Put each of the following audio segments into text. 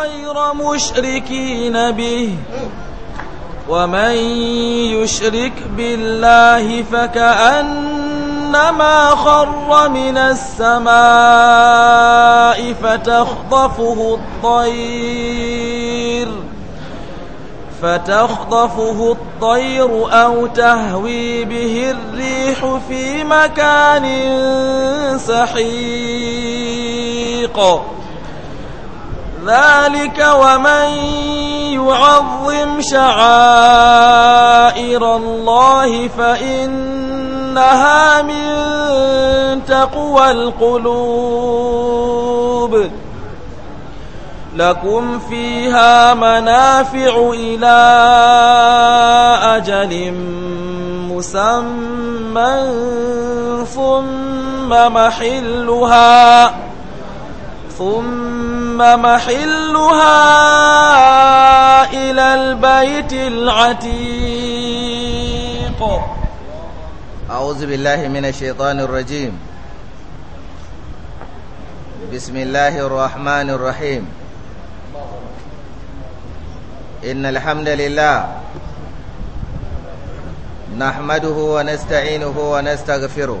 غير مشركين به ومن يشرك بالله فكأنما خر من السماء فتخطفه الطير فتخطفه الطير أو تهوي به الريح في مكان سحيق ذلك ومن يعظم شعائر الله فإنها من تقوى القلوب لكم فيها منافع إلى أجل مسمى ثم محلها ثم ثم محلها إلى البيت العتيق أعوذ بالله من الشيطان الرجيم بسم الله الرحمن الرحيم إن الحمد لله نحمده ونستعينه ونستغفره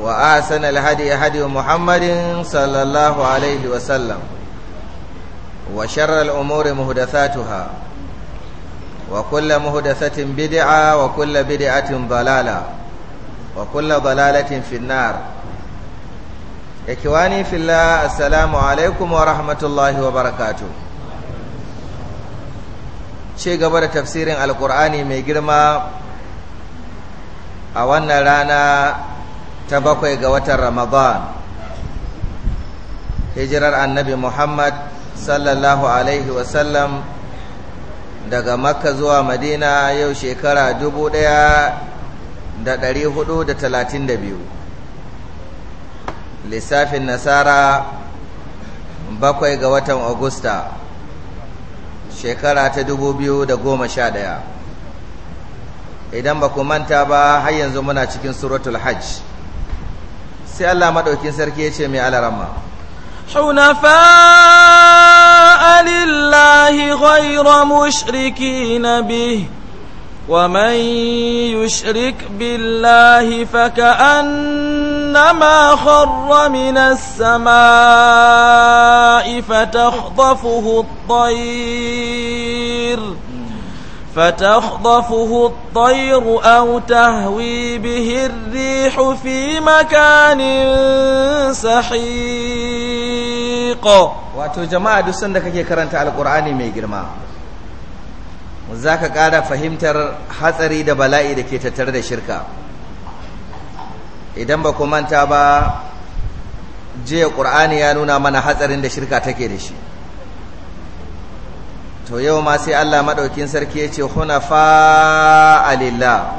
وآسن الهدي هدي محمد صلى الله عليه وسلم وشر الأمور مهدثاتها وكل مهدثة بدعة وكل بدعة ضلالة وكل ضلالة في النار إخواني في الله السلام عليكم ورحمة الله وبركاته شيء قبل تفسير القرآن ميجرما أولنا رانا ta bakwai ga watan Ramadan hijirar annabi Muhammad sallallahu alaihi wasallam daga makka zuwa madina yau shekara dubu ɗaya da dari hudu da talatin da biyu lissafin nasara bakwai ga watan agusta shekara ta dubu biyu da goma sha ɗaya idan ba ku manta ba har yanzu muna cikin suratul hajj sai Allah maɗaukin sarki ya ce mai alarama. Hunafa alillahi ghayra mushriki na wa man yushrik billahi faka annama kharra min as-samaa'i fa فتخطفه الطير أو تهوي به الريح في مكان سحيق wato jama'a duk sanda kake karanta alkur'ani mai girma zaka ƙara fahimtar hatsari da bala'i da ke tattare da shirka idan ba ku manta ba jiya ƙur'ani ya nuna mana hatsarin da shirka take da shi to yau ma sai Allah maɗaukin sarki ya ce hunafa alillah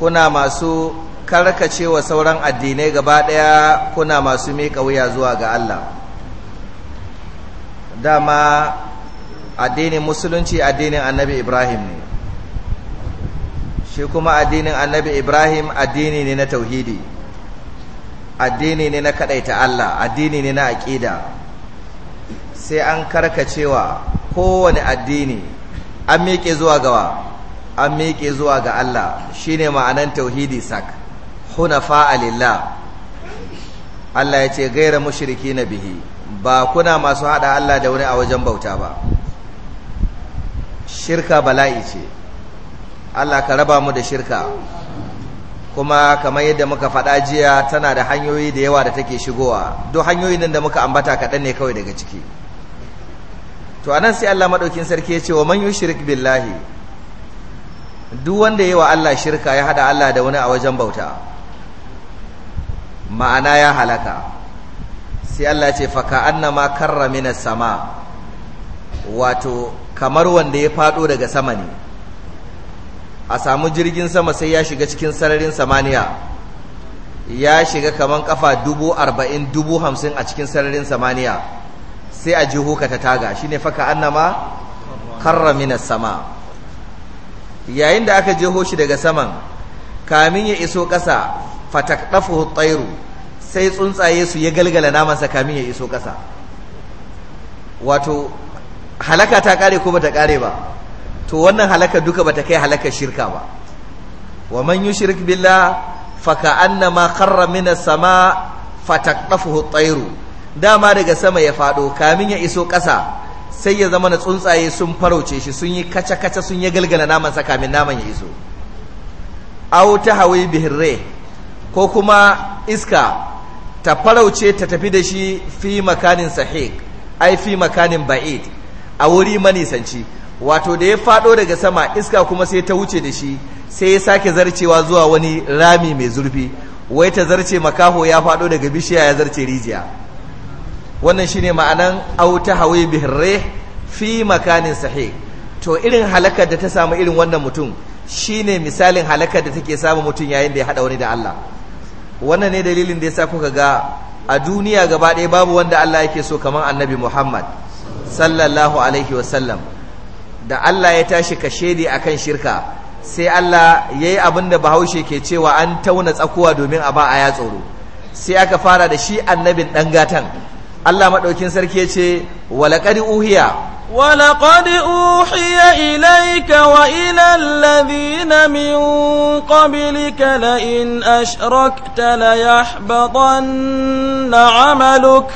kuna masu karkacewa sauran addinai gaba ɗaya kuna masu miƙa wuya zuwa ga Allah dama addinin musulunci addinin annabi Ibrahim ne shi kuma addinin annabi Ibrahim addini ne na tauhidi addini ne na kaɗaita Allah addini ne na aƙida sai an karkacewa kowane addini an miƙe zuwa gawa an miƙe zuwa ga Allah shine ma'anan tauhidi sak hunafa lillah Allah ya ce gaira mushriki na bihi ba kuna masu haɗa Allah da wani a wajen bauta ba shirka bala'i ce Allah ka raba mu da shirka kuma kamar yadda muka faɗa jiya tana da hanyoyi da yawa da take shigowa duk hanyoyin da muka ambata kaɗan ne kawai daga ciki to anan sai Allah madaukin sarki ya ce wa man yushrik billahi duk wanda yayi wa Allah shirka ya hada Allah da wani a wajen bauta ma'ana ya halaka sai Allah ce fa faka annama karra minas sama wato kamar wanda ya fado daga sama ne a samu jirgin sama sai ya shiga cikin sararin samaniya ya shiga kaman kafa dubu arba'in dubu hamsin a cikin sararin samaniya sai a jiho ka ta taga shine faka annama karra minas sama yayin da aka jeho shi daga saman kamin ya iso ƙasa ɗafu tsairu sai tsuntsaye su ya galgala namansa kamin ya iso kasa, wato halaka ta kare ko bata kare ba to wannan halaka duka bata kai halaka shirka ba wa man yushrik billah fa ka'annama karra minas sama ɗafu tsairu dama daga sama ya faɗo kamin ya iso ƙasa sai ya zama na tsuntsaye sun farauce shi sun yi kaca-kaca sun yi galgala namansa kamin naman ya iso au ta hawi bihirre ko kuma iska ta farauce ta tafi da shi fi makanin sahik ai fi makanin ba'id a wuri manisanci wato da ya faɗo daga sama iska kuma sai ta wuce da shi sai ya sake zarcewa zuwa wani rami mai zurfi wai ta zarce makaho ya faɗo daga bishiya ya zarce rijiya wannan shine ma'anan auta hawi bihirre fi makanin sahi to irin halakar da ta samu irin wannan mutum shine misalin halakar da take samu mutum yayin da ya hada wani da Allah wannan ne dalilin da yasa kuka ga a duniya gaba ɗaya babu wanda Allah yake so kamar annabi Muhammad sallallahu alaihi wasallam da Allah ya tashi kashedi akan shirka sai Allah yayi abin da bahaushe ke cewa an tauna tsakuwa domin a ba a ya tsoro sai aka fara da shi annabin ɗan gatan Allah maɗaukin sarki ya ce walaƙari uhiya walaƙari uhiya ilaika wa ilal ladhina min qablika la in ashrakta la na 'amaluk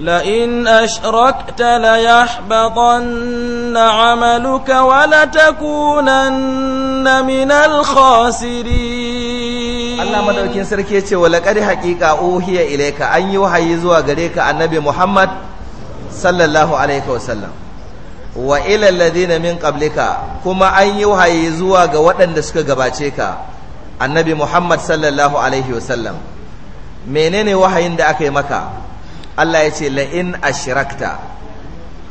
لئن أشركت ليحبطن عملك na من الخاسرين Allah madaukin sarki ya ce qad haqiqa uhiya ilayka an yi wahayi zuwa gare ka annabi Muhammad sallallahu alaihi wasallam wa ila alladhina min qablika kuma an yi wahayi zuwa ga waɗanda suka gabace ka annabi Muhammad sallallahu alaihi wasallam menene wahayin da aka yi maka Allah ya ce la in ashrakta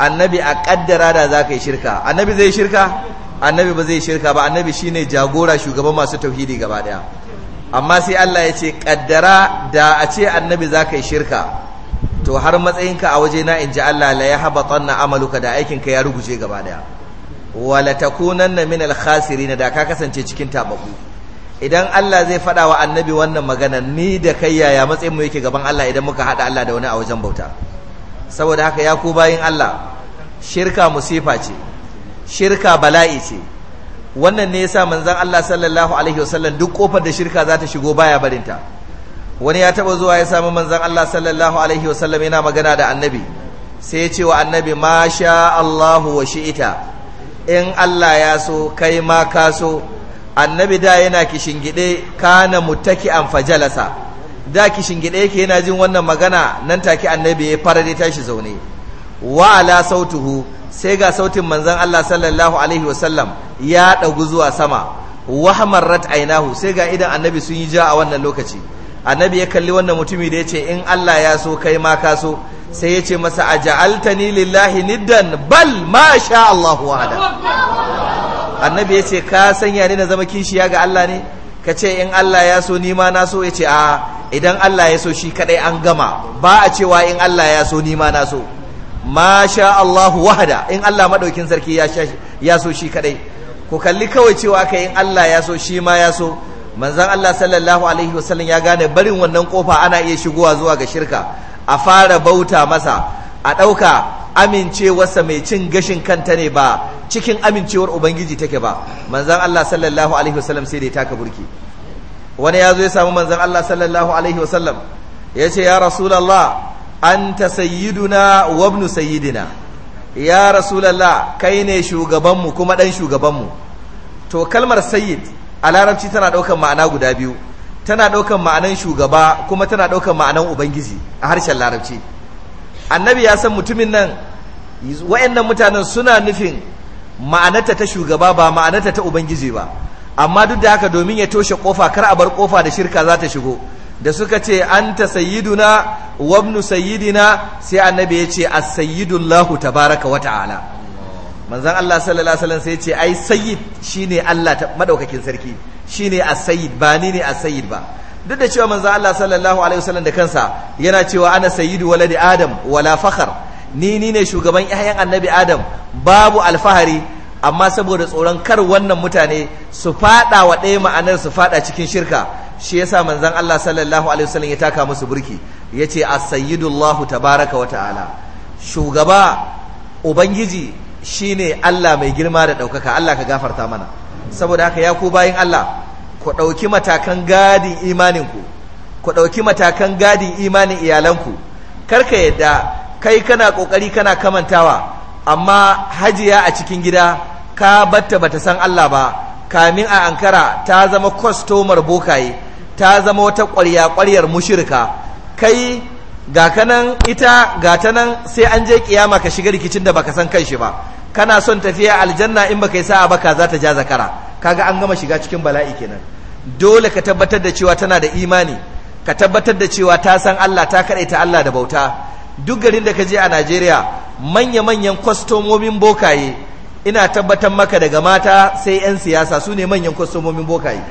annabi a kaddara da ka yi shirka annabi zai shirka annabi ba zai shirka ba annabi shine jagora shugaban masu tauhidi gaba daya amma sai Allah ya ce kaddara da a ce annabi za ka yi shirka to har matsayinka a waje na in ji Allah la ya haba tsanna amaluka da aikinka ya ruguje gaba daya wala na min al na da ka kasance cikin tabaku idan Allah zai faɗa wa annabi wannan magana ni da kai yaya matsayin mu yake gaban Allah idan muka haɗa Allah da wani a wajen bauta saboda haka ya ku bayin Allah shirka musifa ce shirka bala'i ce wannan ne yasa manzon Allah sallallahu alaihi wasallam duk kofar da shirka za ta shigo baya barin ta wani ya taba zuwa ya samu manzon Allah sallallahu alaihi wasallam yana magana da annabi sai ya ce wa annabi ma sha Allahu wa shi'ita in Allah ya so kai ma ka so annabi da yana kishingide kana mutaki an fajalasa da kishingide yake yana jin wannan magana nan take annabi ya fara tashi zaune wa ala sautuhu sai ga sautin manzon Allah sallallahu alaihi wasallam ya ɗagu zuwa sama rat ainahu sai ga idan annabi sun yi ja a wannan lokaci annabi ya kalli wannan mutumi da ya ce in Allah ya so kai ma ka so sai ya ce masa aja'altani lillahi niddan bal ma sha Allah annabi ya ce ka sanya ni na zama kishiya ga Allah ne ka ce in Allah ya so ni ma na so ya ce a idan Allah ya so shi kadai an gama ba a cewa in Allah ya so ni ma na so ma sha Allah in Allah madaukin sarki ya so shi kadai ku kalli kawai cewa aka yin Allah ya so shi ma ya so Manzan Allah sallallahu alaihi wasallam ya gane barin wannan kofa ana iya shigowa zuwa ga shirka a fara bauta masa a ɗauka amincewarsa mai cin gashin kanta ne ba cikin amincewar ubangiji take ba Manzan Allah sallallahu alaihi wasallam sai dai taka burki wani ya zo ya samu Manzan Allah sallallahu alaihi wasallam ya ce ya rasulullah anta sayyiduna wa sayyidina ya rasulallah kai ne shugabanmu kuma ɗan shugabanmu to kalmar sayyid a larabci tana ɗaukan ma'ana guda biyu tana ɗaukan ma'anan shugaba kuma tana ɗaukan ma'anan ubangiji a harshen larabci annabi ya san mutumin nan wa'annan mutanen suna nufin ma'anata ta shugaba ba ma'anata ta ubangiji ba amma duk da haka domin ya toshe kofa kar a bar kofa da shirka za ta shigo da suka ce anta sayyiduna wa ibnu sayyidina sai annabi ya ce as-sayyidullahu tabaraka wa ta'ala manzon Allah sallallahu alaihi wasallam sai ya ce ai sayyid shine Allah madaukakin sarki shine as-sayyid ba ni ne as-sayyid ba duk da cewa manzon Allah sallallahu alaihi wasallam da kansa yana cewa ana sayyidu waladi adam wala fakhar ni ni ne shugaban ƴaƴan annabi adam babu alfahari amma saboda tsoron kar wannan mutane su fada wa ɗaya ma'anar su fada cikin shirka shi yasa manzon Allah sallallahu alaihi wasallam ya taka musu burki yace as-sayyidullahu tabaraka wa ta'ala shugaba ubangiji shine Allah mai girma da daukaka Allah ka gafarta mana saboda haka ya ku bayin Allah ku dauki matakan gadin imanin ku ku dauki matakan gadin imanin iyalan iyalanku karka yadda kai kana kokari kana kamantawa amma hajiya a cikin gida ka batta bata san Allah ba kamin a ankara ta zama kwastomar bokaye ta zama wata ƙwarya ƙwaryar mushirka kai ga kanan ita ga ta nan sai an je kiyama ka shiga rikicin da baka san shi ba kana son tafiya aljanna in baka yi sa'a ba ka za ta ja zakara kaga an gama shiga cikin bala'i kenan dole ka tabbatar da cewa tana da imani ka tabbatar da cewa ta san Allah ta ta Allah da bauta duk garin da ka je a Najeriya manya-manyan kwastomomin bokaye ina tabbatar maka daga mata sai 'yan siyasa su ne manyan kwastomomin bokaye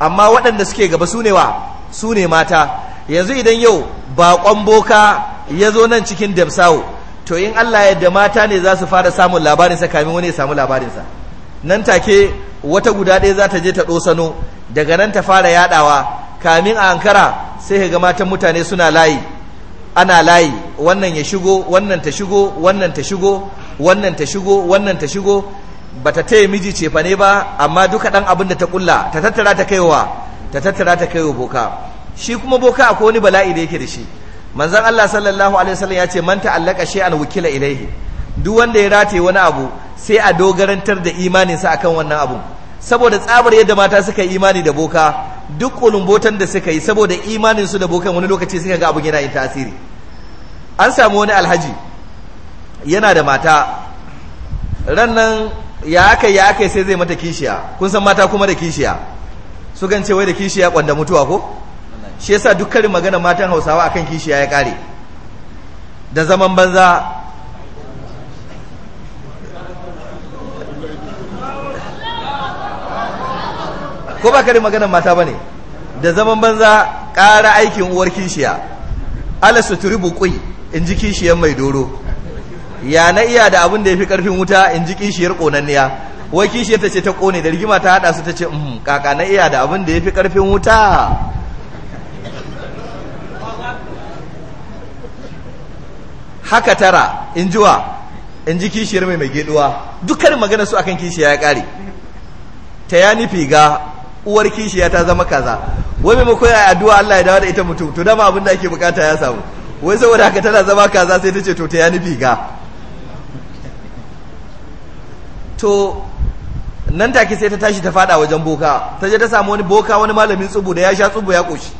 amma waɗanda suke gaba su ne wa su mata yanzu idan yau baƙon boka ya zo nan cikin damsawo to in Allah yadda mata ne za su fara samun labarinsa kamin wani ya samu labarinsa nan take wata guda ɗaya za ta je ta ɗosano daga nan ta fara yaɗawa kamin a ankara sai ga matan mutane suna layi ana layi wannan ya shigo wannan ta shigo wannan ta shigo wannan ta shigo wannan ta shigo bata taya miji ce fa ne ba amma duka ɗan abin da ta kulla ta tattara ta kaiwa ta tattara ta kaiwa boka shi kuma boka akwai wani bala'i da yake da shi manzon Allah sallallahu alaihi wasallam ya ce man ta'allaka shay'an wukila ilaihi duk wanda ya rataye wani abu sai a dogarantar da imaninsa akan wannan abu saboda tsabar yadda mata suka yi imani da boka duk kulumbotan da suka yi saboda imanin su da bokan wani lokaci suka ga abu yana yin tasiri an samu wani alhaji yana da mata ran nan ya aka ya aka sai zai mata kishiya kun san mata kuma da kishiya su gance wai da kishiya kwanda mutuwa ko shi yasa dukkanin magana matan Hausawa akan kishiya ya kare da zaman banza ko ba kare magana mata bane da zaman banza ƙara aikin uwar kishiya ala suturi buƙui in ji kishiyar mai doro ya na iya da abin da ya fi ƙarfin wuta in ji kishiyar ƙonanniya wai kishiyar ta ce ta ƙone da rigima ta haɗa su ta ce mm, kaka na iya da abin da ya fi ƙarfin wuta haka tara in jiwa in ji kishiyar mai mai geduwa dukkan magana su akan kishiya ya kare ta ya nufi ga uwar kishiya ta zama kaza wai mai maimako ya addu'a Allah ya dawo da ita mutum to dama abin da ake bukata ya samu wai saboda haka tana zama kaza sai ta ce to ta ya nufi ga to nan take sai ta tashi ta fada wajen boka ta je ta samu wani boka wani malamin tsubu da ya sha tsubu ya koshi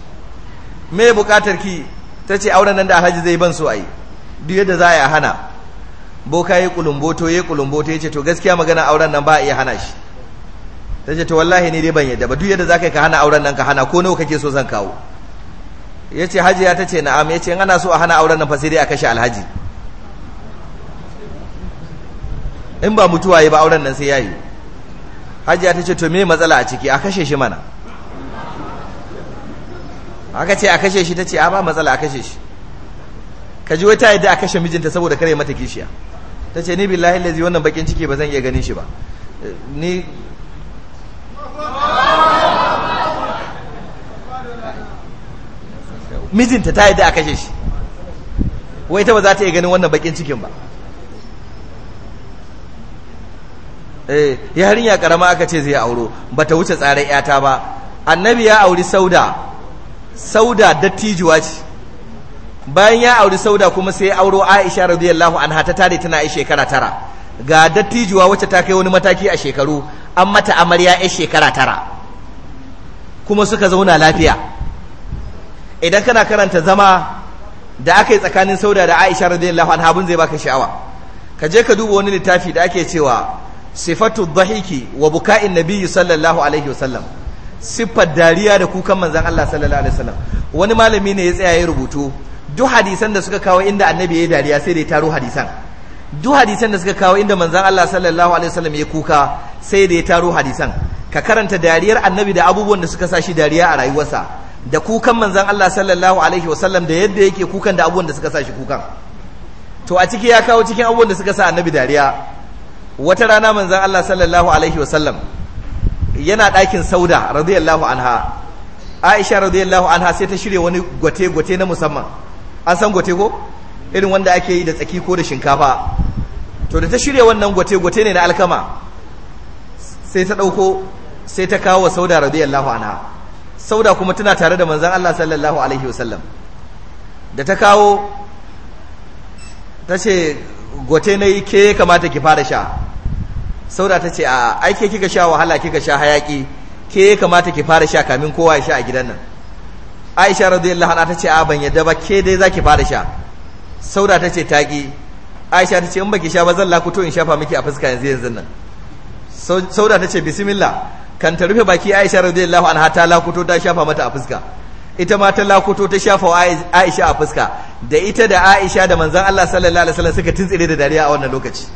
me bukatar ki ta ce auren nan da alhaji zai ban su a yi duk yadda za a yi hana boka ya kulumboto ya kulumboto ya ce to gaskiya magana auren nan ba a iya hana shi ta ce to wallahi ne dai ban yadda ba duk yadda za ka yi ka hana auren nan ka hana ko nawa kake so zan kawo ya ce hajiya ta ce na'am ya ce ana so a hana auren nan fa sai dai a kashe alhaji in ba mutuwa yi ba auren nan sai ya yi hajiya ta ce to me matsala a ciki a kashe shi mana aka ce a kashe shi ta ce a ba matsala a kashe shi ka ji wata yadda a kashe mijinta saboda kare mata kishiya ta ce ni billahi lazi wannan bakin ciki ba zan iya ganin shi ba ni mijinta ta yadda a kashe shi wai ta ba za ta iya ganin wannan bakin cikin ba eh yarinya karama aka ce zai auro ta wuce tsarar yata ba annabi ya auri sauda sauda dattijuwa ce bayan ya auri sauda kuma sai ya auro aisha radiyallahu anha ta tare tana ai shekara tara ga dattijuwa wacce ta kai wani mataki a shekaru an mata amarya ai shekara tara kuma suka zauna lafiya idan kana karanta zama da aka yi tsakanin sauda da aisha radiyallahu anha abin zai baka sha'awa ka je ka duba wani littafi da ake cewa sifatu dhahiki wa buka'in nabiyyi sallallahu alaihi wasallam sifat dariya da kukan manzon Allah sallallahu alaihi wasallam wani malami ne ya tsaya ya rubutu duk hadisan da suka kawo inda annabi ya yi dariya sai da ya taro hadisan duk hadisan da suka kawo inda manzon Allah sallallahu alaihi wasallam ya kuka sai da ya taro hadisan ka karanta dariyar annabi da abubuwan da suka sa shi dariya a rayuwarsa da kukan manzon Allah sallallahu alaihi wasallam da yadda yake kukan da abubuwan da suka sa shi kukan to a ciki ya kawo cikin abubuwan da suka sa annabi dariya wata rana manzan Allah sallallahu alaihi wasallam yana ɗakin sauda radiyallahu anha aisha radiyallahu anha sai ta shirya wani gwate-gwate na musamman an san gwate ko irin wanda ake yi da tsaki ko da shinkafa to da ta shirya wannan gwate-gwate ne na alkama sai ta ɗauko sai ta kawo wa sauda radiyallahu anha sauda kuma tana tare da manzan Allah sallallahu alaihi wasallam da ta kawo ta ce gwate na yi ke kamata ki fara sha sauda ta ce a aike kika sha wahala kika sha hayaki ke ya kamata ki fara sha kamin kowa ya sha a gidan nan aisha radiyallahu anha ta ce a ban yadda ba ke dai zaki fara sha sauda ta ce taƙi aisha ta ce in baki sha ba zan lakuto in shafa miki a fuska yanzu yanzu nan sauda ta ce bismillah kan ta rufe baki aisha radiyallahu anha ta lakuto ta shafa mata a fuska ita ma ta lakuto ta shafa aisha a fuska da ita da aisha da manzon Allah sallallahu alaihi wasallam suka tuntsire da dariya a wannan lokaci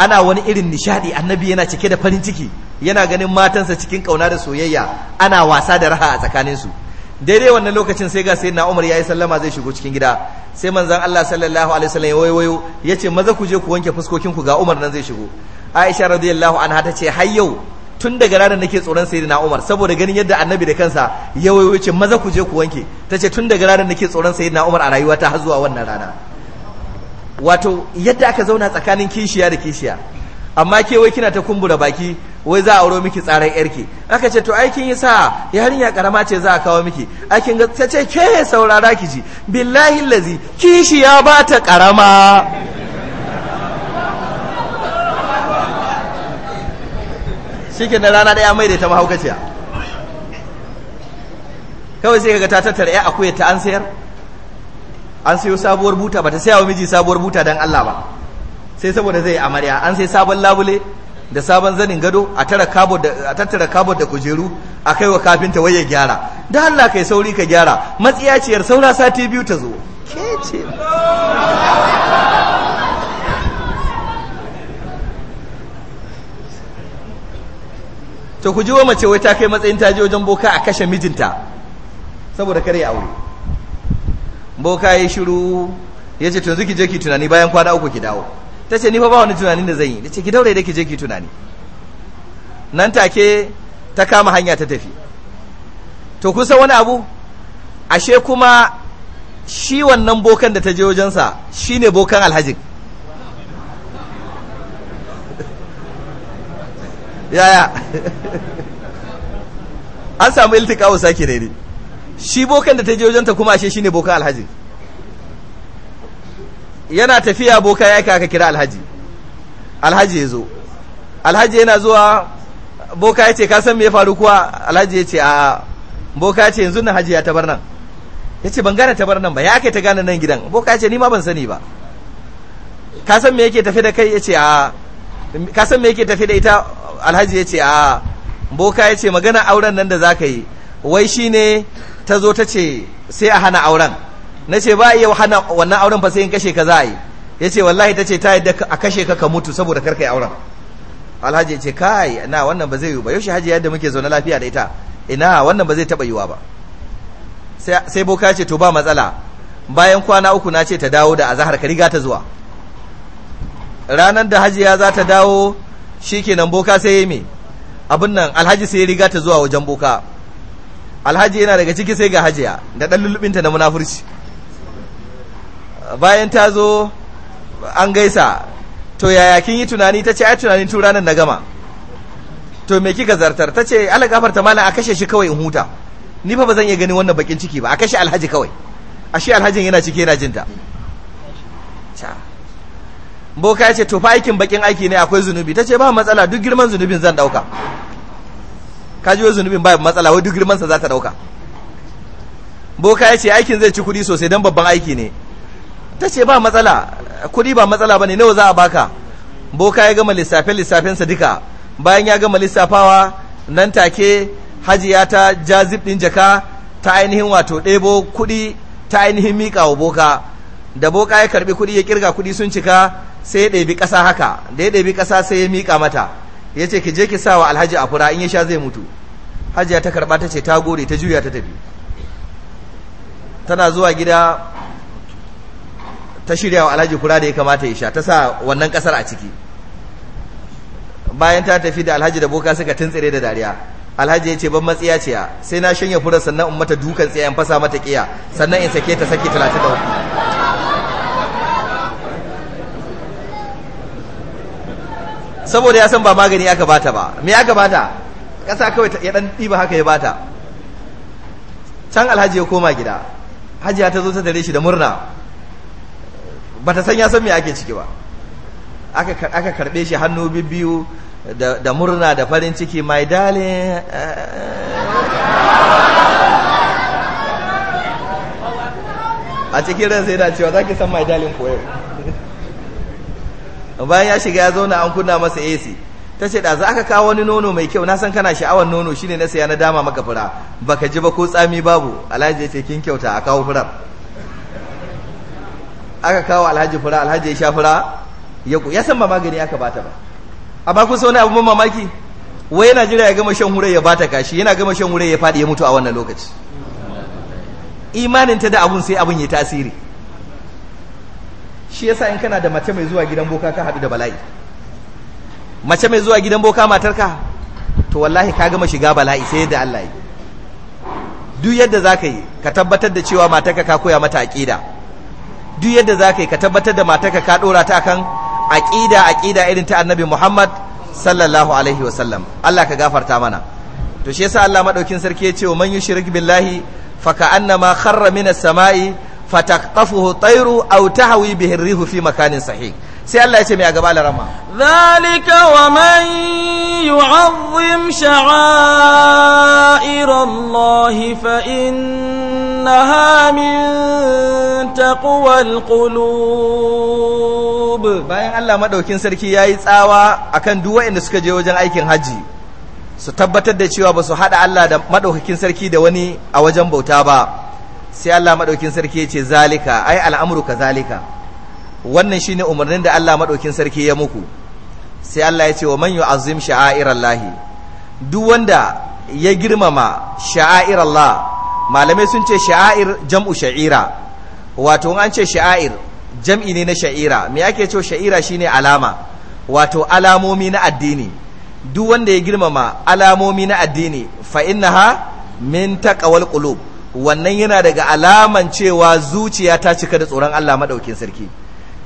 ana wani irin nishadi annabi yana cike da farin ciki yana ganin matansa cikin kauna da soyayya ana wasa da raha a tsakaninsu daidai wannan lokacin sai ga sayyidina Umar yayi sallama zai shigo cikin gida sai manzan Allah sallallahu alaihi wasallam wayo yace maza ku je ku wanke fuskokin ku ga Umar nan zai shigo Aisha radiyallahu anha ta ce har yau tun daga ranar nake tsoron sayyidina Umar saboda ganin yadda annabi da kansa ya wayo yace maza ku je ku wanke tace tun daga ranar nake tsoron sayyidina Umar a rayuwata har zuwa wannan rana wato yadda aka zauna tsakanin kishiya da kishiya amma ke wai kina ta kumbura baki wai za a auro miki tsaran yarki aka ce to aikin yi sa yarinya karama ce za a kawo miki aikin ga ta ce ke saurara ki ji billahi lazi kishiya ba ta karama shike na rana daya mai da ta mahaukaciya kawai sai kaga ta tattara ya akuya ta an sayar an sayo sabuwar buta bata saya wa miji sabuwar buta dan Allah ba sai saboda zai amarya an sai sabon labule da sabon zanin gado a tara kabo da a tattara kabo da kujeru a kaiwa kafinta waye gyara dan Allah kai sauri ka gyara matsiyaciyar saura sati biyu ta zo ke to ku ji wa mace wai ta kai matsayin ta je wajen boka a kashe mijinta saboda kare aure boka ya shiru ya ce tunzu ki je ki tunani bayan kwana uku ki dawo ta ce ni ba wani tunanin da zan yi da ce ki daure da ki je ki tunani nan take ta kama hanya ta tafi to kusa wani abu ashe kuma shi wannan bokan da ta je wajensa shine bokan alhajin yaya an samu iltikawo sake daidai shi bokan da ta je wajenta kuma ashe shine boka alhaji yana tafiya boka ya aika aka kira alhaji alhaji ya zo alhaji yana zuwa boka ya ce ka san me ya faru kuwa alhaji ya ce a boka ya ce yanzu na haji ya tabar nan ya ce ban gane tabar nan ba ya ake ta gane nan gidan boka ya ce ni ma ban sani ba ka san me yake tafi da kai ya ce a ka san me yake tafi da ita alhaji ya ce a boka ya ce magana auren nan da za ka yi wai shi ne ta zo ta ce sai a hana auren na ce ba iya hana wannan auren fa sai in kashe ka za a yi ya ce wallahi ta ce ta yadda a kashe ka ka mutu saboda karka yi auren alhaji ya ce kai na wannan ba zai yi ba yaushe hajiya yadda muke zaune lafiya da ita ina wannan ba zai taɓa yiwa ba sai boka ya ce to ba matsala bayan kwana uku na ce ta dawo da azahar ka riga ta zuwa ranar da hajiya za ta dawo shikenan boka sai ya yi me abin nan alhaji sai ya riga ta zuwa wajen boka alhaji yana daga ciki sai ga hajiya da ɗan lullubinta na munafurci bayan ta zo an gaisa to yaya kin yi tunani ta ce ai tunanin tun ranar na gama to me kika zartar ta ce ala ta malam a kashe shi kawai in huta ni fa ba zan iya ganin wannan bakin ciki ba a kashe alhaji kawai ashe alhajin yana ciki yana jinta boka ya ce to fa aikin bakin aiki ne akwai zunubi ta ce ba matsala duk girman zunubin zan dauka ka ji zunubin ba matsala wai duk girman sa za ta dauka boka ya ce aikin zai ci kuɗi sosai don babban aiki ne ta ce ba matsala kuɗi ba matsala ba ne nawa za a baka boka ya gama lissafe sa duka bayan ya gama lissafawa nan take hajiya ta jazib ɗin jaka ta ainihin wato ɗebo kuɗi ta ainihin mika wa boka da boka ya karbi kuɗi ya kirga kuɗi sun cika sai ya ɗebi ƙasa haka da ya ɗebi ƙasa sai ya mika mata ya ce ki je ki sa wa alhaji a fura in ya sha zai mutu hajiya ta karɓa ta ce ta gode ta juya ta tafi tana zuwa gida ta shirya wa alhaji fura da ya kamata ya sha ta sa wannan kasar a ciki bayan ta tafi da alhaji da boka suka tuntsire da dariya alhaji ya ce ban matsiya ce sai na shanya fura sannan in mata dukan tsaye in fasa mata kiya sannan in sake ta saki talatin da uku saboda ya san ba magani aka bata ba me aka bata ƙasa kawai ya dan ɗiba haka ya bata can alhaji ya koma gida hajiya ta zo ta dare shi da murna ba ta san ya san me ake ciki ba aka karbe shi hannu biyu da murna da farin ciki my darling eh. a cikin ran sai na cewa za ki san my darling koyo bayan ya shiga ya zauna an kunna masa AC ta ce da za ka kawo wani nono mai kyau na san kana sha'awar nono shine na saya na dama maka fura baka ji ba ko tsami babu alhaji ya ce kin kyauta a kawo furar aka kawo alhaji fura alhaji ya sha fura ya san ba magani aka bata ba amma kun sauna abin mamaki wai yana jira ya gama shan hurai ya bata kashi yana gama shan hurai ya faɗi ya mutu a wannan lokaci imanin ta da abun sai abun ya tasiri shi yasa in kana da mace mai zuwa gidan boka ka haɗu da bala'i mace mai zuwa gidan boka matarka to wallahi ka gama shiga bala'i sai yadda Allah yi duk yadda za ka yi ka tabbatar da cewa matarka ka koya mata aƙida duk yadda za ka yi ka tabbatar da matarka ka ɗora ta akan aƙida aƙida irin ta annabi muhammad sallallahu alaihi wasallam Allah ka gafarta mana to shi yasa Allah madaukin sarki ya ce wa man yushrik billahi fa annama kharra minas sama'i فتخطفه الطير أو تهوي به الريح في مكان صحيح sai Allah ya ce mai a gaba larama zalika wa man yu'azzim sha'air Allah fa innaha min taqwal qulub bayan Allah madaukin sarki yayi tsawa akan duk waɗanda suka je wajen aikin hajji, su tabbatar da cewa ba su hada Allah da madaukakin sarki da wani a wajen bauta ba sai Allah madaukin sarki ya ce zalika ai ka zalika. wannan shine umarnin da Allah madaukin sarki ya muku sai Allah ya ce wa man yu'azzim sha'airallahi duk wanda ya girmama sha'airallah malamai sun ce sha'air jam'u sha'ira wato an ce sha'air jam'i ne na sha'ira me ake cewa sha'ira shine alama wato alamomi na addini duk wanda ya girmama alamomi na addini fa innaha min taqwal qulub wannan yana daga alaman cewa zuciya ta cika da tsoron Allah madaukin sarki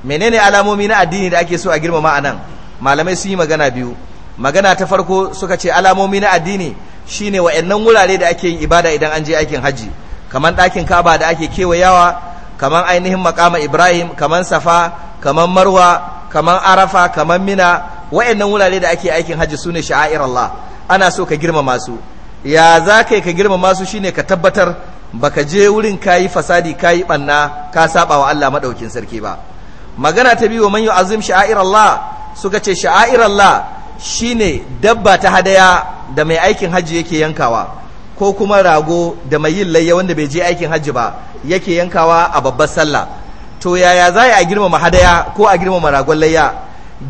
menene alamomi na addini da ake so a girmama a nan? malamai sun yi magana biyu magana ta farko suka ce alamomi na addini shine wayannan wurare da ake yin ibada idan an je aikin haji kaman ɗakin Ka'aba da ake kewayawa kaman ainihin makama Ibrahim kamar Safa kaman Marwa kaman Arafa kamar Mina wayannan wurare da ake aikin haji sune sha'air Allah ana so ka girmama su ya za ka ka girmama su shine ka tabbatar baka je wurin kayi fasadi kayi banna ka saba wa Allah madaukin sarki ba magana ta biyu man yu'azzim sha'air Allah suka ce sha'air Allah shine dabba ta hadaya da mai aikin haji yake yankawa ko kuma rago da mai yin layya wanda bai je aikin haji ba yake yankawa a babbar sallah to yaya za a girmama hadaya ko a girmama ragon layya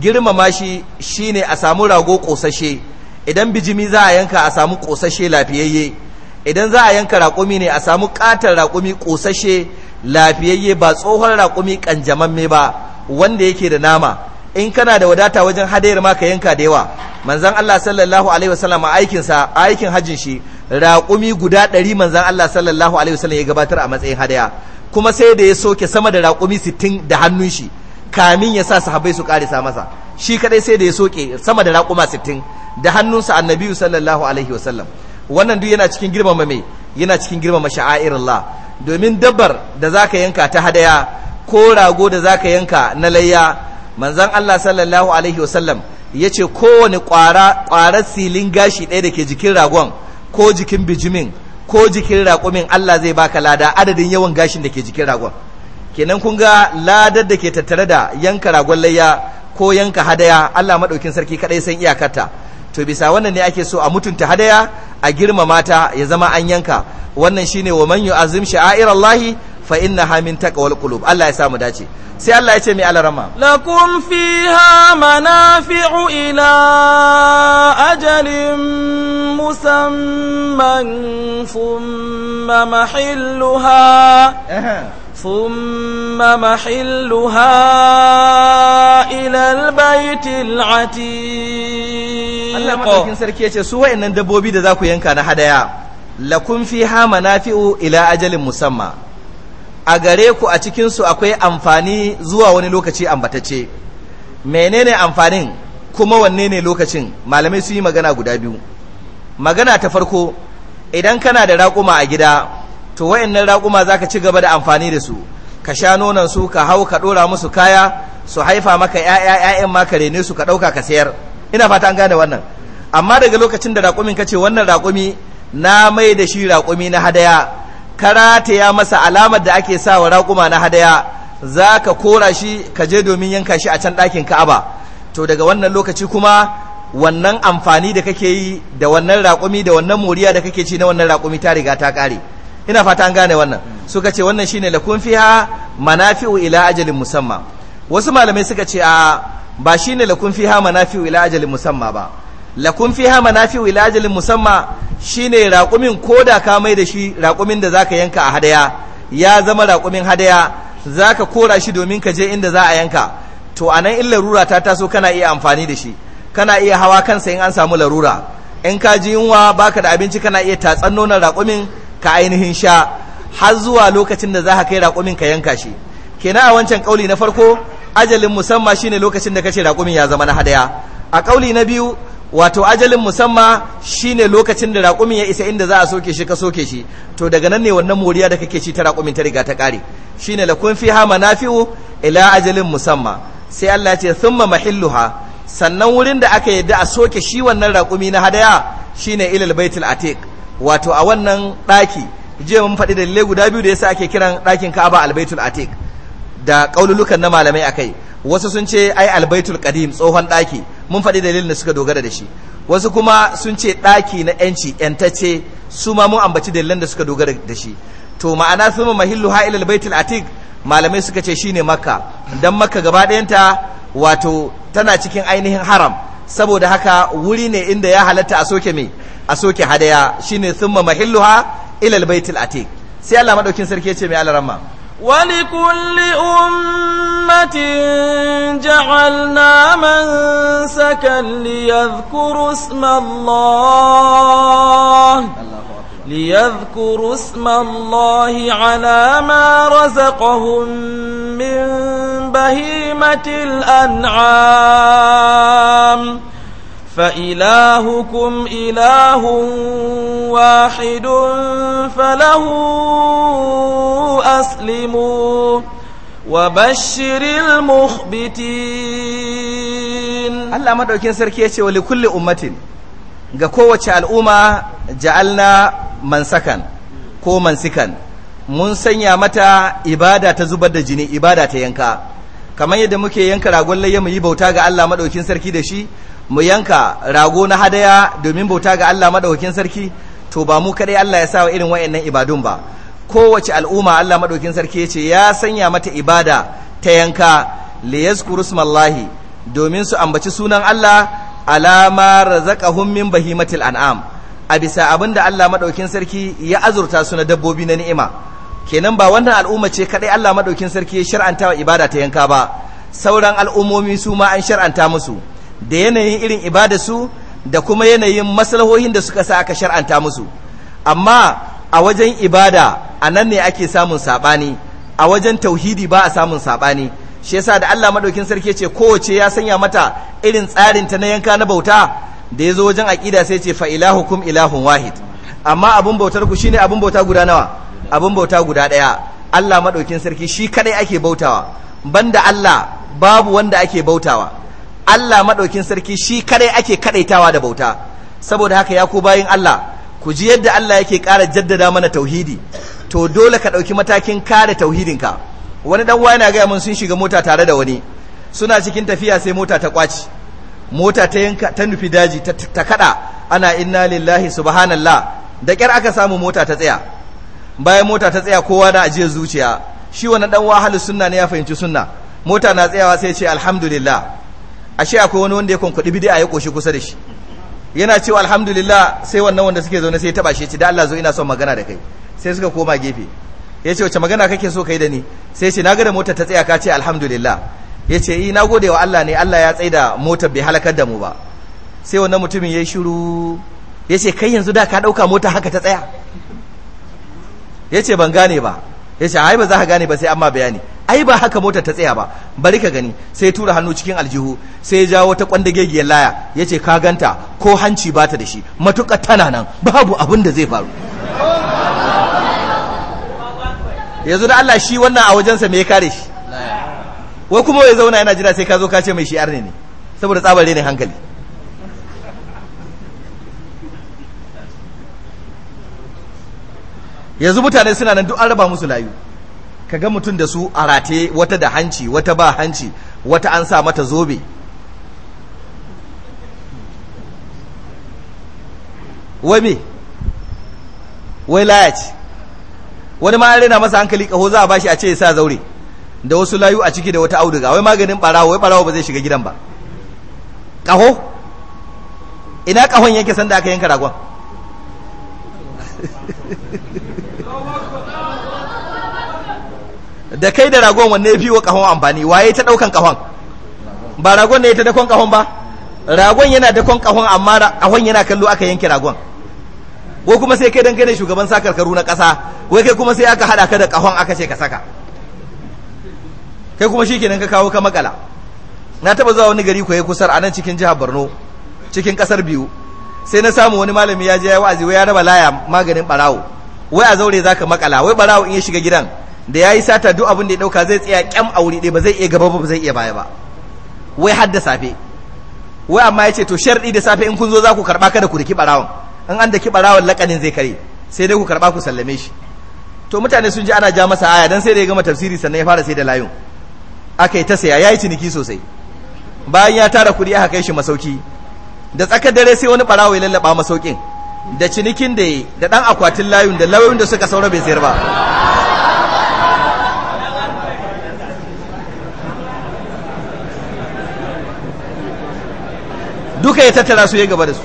girmama shi shine a samu rago kosashe idan bijimi za a yanka a samu kosashe lafiyayye idan za a yanka raƙumi ne a samu ƙatar raƙumi ƙosashe lafiyayye ba tsohon raƙumi ƙanjamamme ba wanda yake da nama in kana da wadata wajen hadayar ma ka yanka da yawa manzan Allah sallallahu alaihi wasallam a aikin sa aikin hajjin shi raƙumi guda ɗari manzan Allah sallallahu alaihi wasallam ya gabatar a matsayin hadaya kuma sai da ya soke sama da raƙumi sittin da hannun shi kamin ya sa sahabbai su ƙarisa masa shi kaɗai sai da ya soke sama da raƙuma sittin da hannunsa annabi sallallahu alaihi wasallam wannan duk yana cikin girmama mai yana cikin girmama sha'airullah domin dabbar da zaka yanka ta hadaya ko rago da zaka yanka na layya manzon Allah sallallahu alaihi wasallam yace kowane kwara kwarar silin gashi ɗaya da ke jikin ragon ko jikin bijimin ko jikin raƙumin Allah zai baka lada adadin yawan gashin da ke jikin ragon kenan kun ga ladar da ke tattare da yanka ragon layya ko yanka hadaya Allah maɗaukin sarki kaɗai san iyakarta to bisa wannan ne ake so a mutunta hadaya a girmama ta ya zama an yanka wannan shine wa man yu'azzim sha'airallahi fa innaha min taqwal qulub Allah ya sa mu dace sai Allah ya ce mai alarama lakum fiha manafi'u ila ajalin musamman thumma mahilluha ثم محلها إلى البيت العتيق الله مدوكين سركي يتي سوى إن دبوبي دا ذاكو ينكا نحدايا لكم فيها منافع إلى أجل مسمى a gare ku a cikinsu akwai amfani zuwa wani lokaci ambatacce menene amfanin kuma wanne ne lokacin malamai su yi magana guda biyu magana ta farko idan kana da raƙuma a gida to wayannan raƙuma ka ci gaba da amfani da su ka sha nonon su ka hau ka ɗora musu kaya su haifa maka ƴaƴa ƴaƴan ma ka rene su ka ɗauka ka sayar ina fata an gane wannan amma daga lokacin da raƙumin ka ce wannan raƙumi na mai da shi raƙumi na hadaya karata ya masa alamar da ake sa wa raƙuma na hadaya za ka kora shi ka je domin yanka shi a can ɗakin ka'aba to daga wannan lokaci kuma wannan amfani da kake yi da wannan raƙumi da wannan moriya da kake ci na wannan raƙumi ta riga ta ƙare ina fata an gane wannan suka ce wannan shine lakun fiha manafi'u ila ajalin musamma wasu malamai suka ce a ba shine lakun fiha manafi'u ila ajalin musamma ba lakun fiha manafi'u ila ajalin musamma shine raƙumin koda ka mai da shi raƙumin da zaka yanka a hadaya ya zama raƙumin hadaya zaka kora shi domin ka je inda za a yanka to anan in larura ta taso kana iya amfani da shi kana iya hawa kansa in an samu larura in ka ji yunwa baka da abinci kana iya tatsan nonon raƙumin ka ainihin sha har zuwa lokacin da za ka kai raƙumin ka yanka shi kenan a wancan ƙauli na farko ajalin musamma shine lokacin da kace raƙumin ya zama na hadaya a ƙauli na biyu wato ajalin musamma shine lokacin da raƙumin ya isa inda za a soke shi ka soke shi to daga nan ne wannan moriya da kake ci ta raƙumin ta riga ta ƙare shine lakun fiha manafi'u ila ajalin musamma sai Allah ya ce thumma mahilluha sannan wurin da aka yadda a soke shi wannan raƙumi na hadaya shine ilal baitul atiq wato a wannan ɗaki jiya mun faɗi dalilai guda biyu da yasa ake kiran ɗakin Ka'aba Albaitul Atiq da kaululukan na malamai akai wasu sun ce ai Albaitul Qadim tsohon ɗaki mun faɗi dalilin da suka dogara da shi wasu kuma sun ce ɗaki na yanci yantace su ma mun ambaci dalilan da suka dogara da shi to ma'ana sun mahillu ha'ilal baitul atiq malamai suka ce shine makka dan makka gaba ɗayanta wato tana cikin ainihin haram saboda haka wuri ne inda ya halatta a soke mai a soke hadaya shine thumma mahilluha ila albaytil atiq sai Allah madaukin sarki yace mai alaramma ولكل أمة جعلنا منسكا ليذكروا isma Allah ليذكروا اسم الله على ما رزقهم من بهيمة الأنعام فإلهكم إله واحد wa أسلموا وبشر المخبتين الله Sarki ya ce يشي ولكل أمة ga kowace al'umma ja'alna mansakan ko mansikan mun sanya mata ibada ta zubar da jini ibada ta yanka kamar yadda muke yanka ragon layya mu yi bauta ga Allah madaukin sarki da shi mu yanka rago na hadaya domin bauta ga Allah madaukakin sarki to ba mu kadai Allah ya sawa irin wayannan ibadun ba kowace al'umma Allah madaukakin sarki ya ce ya sanya mata ibada ta yanka li yazkuru smallahi domin su ambaci sunan Allah alama razaqahum min bahimatil an'am a bisa abinda Allah madaukakin sarki ya azurta su na dabbobi na ni'ima kenan ba wannan al'umma ce kadai Allah madaukakin sarki ya shar'anta wa ibada ta yanka ba sauran al'ummomi su ma an shar'anta musu da yanayin irin ibada su da kuma yanayin maslahohin da suka sa aka shar'anta musu amma a wajen ibada a nan ne ake samun saɓani a wajen tauhidi ba a samun saɓani shi yasa da Allah madaukin sarki ce kowace ya sanya mata irin tsarin ta na yanka na bauta da ya zo wajen aƙida sai ce fa ilahukum ilahun wahid amma abun bautar ku shine abun bauta guda nawa abun bauta guda ɗaya Allah madaukin sarki shi kadai ake bautawa banda Allah babu wanda ake bautawa Allah maɗaukin sarki shi kadai ake kaɗaitawa da bauta saboda haka ya ku bayan Allah ku ji yadda Allah yake ƙara jaddada mana tauhidi to dole ka ɗauki matakin kare tauhidinka wani ɗan wa yana gaya mun sun shiga mota tare da wani suna cikin tafiya sai mota ta kwaci mota ta yanka ta nufi daji ta kaɗa ana inna lillahi subhanallah da ƙyar aka samu mota ta tsaya bayan mota ta tsaya kowa na ajiyar zuciya shi wani ɗan wahalu sunna ne ya fahimci sunna mota na tsayawa sai ce alhamdulillah ashe akwai wani wanda ya kwankwaɗi a ya koshi kusa da shi yana cewa alhamdulillah sai wannan wanda suke zaune sai ya taba shi ci da Allah zo ina son magana da kai sai suka koma gefe ya ce wace magana kake so kai da ni sai ce na ga da mota ta tsaya ka ce alhamdulillah ya ce eh, na gode wa Allah ne Allah ya tsaida motar bai halakar da mu ba sai wannan mutumin ya shiru ya ce kai yanzu da ka ɗauka mota haka ta tsaya ya ce ban gane ba ya ce ai ba za ka gane ba sai amma bayani ai ba haka motar ta tsaya ba bari ka gani sai tura hannu cikin aljihu sai ya jawo ta gegiyar laya ya ce ka ganta ko hanci ba ta da shi matuƙa tana nan babu abin da zai faru yanzu da Allah shi wannan a wajensa me ya kare shi wai kuma ya zauna yana jira sai ka zo ka ce mai shi'ar ne ne saboda tsabar ne hankali yanzu mutane suna nan duk an raba musu layu ka ga mutum da su a rataye wata da hanci wata ba hanci wata an sa mata zobe wai me wai laya ce wani ma an rena masa hankali kaho za a bashi a ce ya sa zaure da wasu layu a ciki da wata auduga wai maganin barawo wai barawo ba zai shiga gidan ba kaho ina kahon yake sanda aka yanka ragon da kai da ragon wanne ya fi wa kahon amfani waye ta ɗaukan kahon ba ragon ne ya ta dakon kahon ba ragon yana dakon kahon amma kahon yana kallo aka yanke ragon ko kuma sai kai dan gane shugaban sa karkaru na kasa wai kai kuma sai aka hada ka da kahon aka ce ka saka kai kuma shi kenan ka kawo ka makala na taba zuwa wani gari koyi kusar a nan cikin jihar Borno cikin kasar biyu sai na samu wani malami ya je ya wa'azi wai ya raba laya maganin barawo wai a zaure zaka makala wai barawo in ya shiga gidan da ya yi sata duk abin da ya ɗauka zai tsaya kyam a wuri ɗaya ba zai iya gaba ba zai iya baya ba wai har safe wai amma ya ce to sharɗi da safe in kun zo za ku karɓa kada ku daki rawan in an da kiɓa rawan laƙanin zai kare sai dai ku karɓa ku sallame shi to mutane sun ji ana ja masa aya dan sai da ya gama tafsiri sannan ya fara sai da layun aka yi ta saya ya yi ciniki sosai bayan ya tara kuɗi aka kai shi masauki da tsakar dare sai wani ɓarawo ya lallaɓa masaukin da cinikin da ya da ɗan akwatin layun da lauyoyin da suka saura bai sayar ba duka ya tattara su ya gaba da su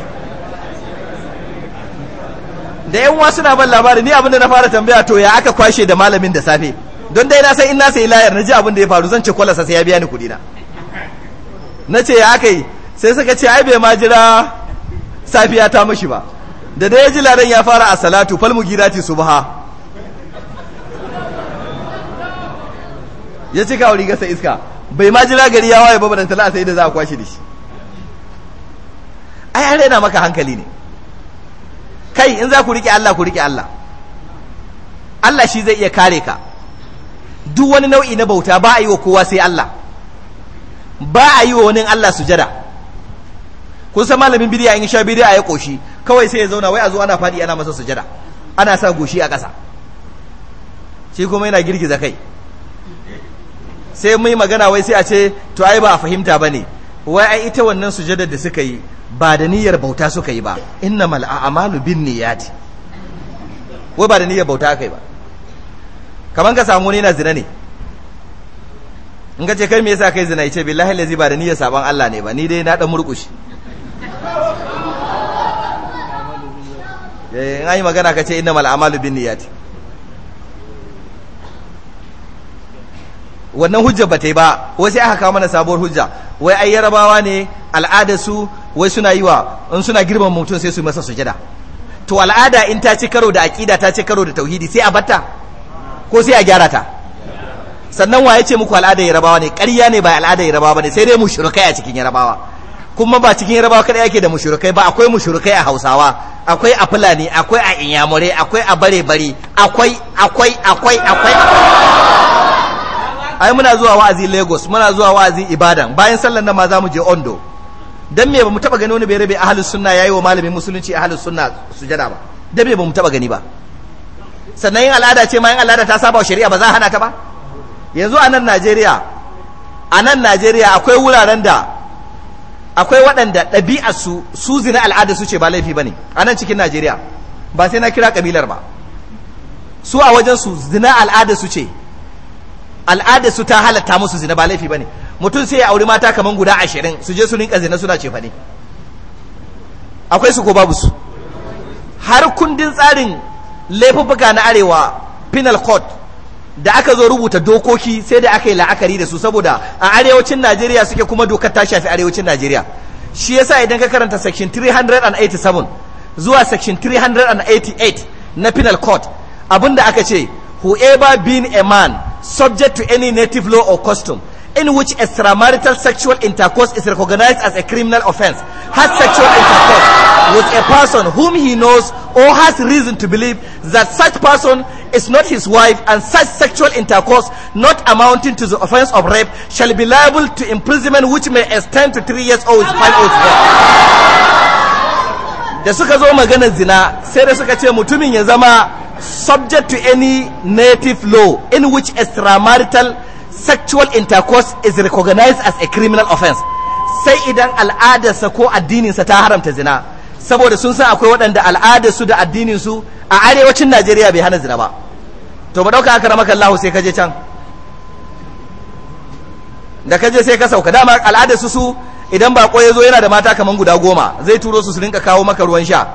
da yan uwa suna ban labari ni abinda na fara tambaya to ya aka kwashe da malamin da safe don dai na san in na sai layar na ji abin da ya faru zan ce kwalasa sai ya biya ni kuɗi na na ce ya aka yi sai suka ce ai bai ma jira safiya ta mashi ba da dai ji ladan ya fara a salatu falmu girati subha ya cika wuri gasa iska bai ma jira gari ya waye ba tala sai da za a kwashe da shi ai an raina maka hankali ne kai in za ku riƙe Allah ku riƙe Allah Allah shi zai iya kare ka duk wani nau'i na bauta ba a yi wa kowa sai Allah ba a yi wa wani Allah sujada kun san malamin bidiya in sha bidiya ya koshi kawai sai ya zauna wai a zo ana fadi ana masa sujada ana sa goshi a ƙasa shi kuma yana girgiza kai sai mai magana wai sai a ce to ai ba a fahimta ba ne wai ai ita wannan sujada da suka yi ba da niyyar bauta suka yi ba mal a'malu binniyati wai ba da niyyar bauta aka yi ba kaman ka samu ne na zina ne in ka ce kai me yasa kai zina yace billahi lazi ba da niyyar saban Allah ne ba ni dai na dan murkushi eh in ai magana ka ce mal a'malu binniyati wannan hujja ba ta yi ba wai sai aka kawo mana sabuwar hujja wai ai yarabawa ne al'ada su wai suna yi wa in suna girman mutum sai su masa sujada to al'ada in ta ci karo da aqida ta ci karo da tauhidi sai a batta ko sai a gyara ta sannan wa ya ce muku al'ada yarabawa ne ƙarya ne ba al'ada yarabawa ba ne sai dai mushrikai a cikin yarabawa kuma ba cikin yarabawa kada yake da mushrikai ba akwai mushrikai a hausawa akwai a fulani akwai a inyamurai akwai a bare bare akwai akwai akwai akwai ai muna zuwa wa'azi Lagos muna zuwa wa'azi Ibadan bayan sallan nan ma za mu je Ondo dan me ba mu taba gani wani bai rabe ahlus sunna yayi wa malamin musulunci ahlus sunna sujada ba dan me ba mu taba gani ba sannan yin al'ada ce ma yin al'ada ta saba wa shari'a ba za hana ta ba yanzu a nan Najeriya a nan Najeriya akwai wuraren da akwai waɗanda ɗabi'ar su su zina al'ada su ce ba laifi bane a nan cikin Najeriya ba sai na kira kabilar ba su a wajen su zina al'ada su ce al'adar su ta halatta musu zina ba laifi bane mutum sai ya auri mata kaman guda ashirin su je su rinka zina suna cefa ne akwai su ko babu su har kundin tsarin laifuffuka na arewa penal court da aka zo rubuta dokoki sai da aka yi la'akari da su saboda a arewacin najeriya suke kuma dokar ta shafi arewacin najeriya shi yasa idan ka karanta section 387 zuwa section 388 na penal court abinda aka ce whoever being a man subject to any native law or custom in which extramarital sexual intercourse is recognized as a criminal offense has sexual intercourse with a person whom he knows or has reason to believe that such person is not his wife and such sexual intercourse not amounting to the offense of rape shall be liable to imprisonment which may extend to three years or five years or da suka zo magana zina sai da suka ce mutumin ya zama subject to any native law in which extramarital sexual intercourse is recognized as a criminal offense sai idan al'adarsa ko addininsa ta haramta zina saboda sun san akwai waɗanda al'adarsu da addininsu a arewacin najeriya bai hana zina ba to ba ɗauka aka ramaka allahu sai kaje can da kaje sai ka sauka dama al'adarsu su idan ba ya zo yana da mata kamar guda goma zai turo su su rinka kawo maka ruwan sha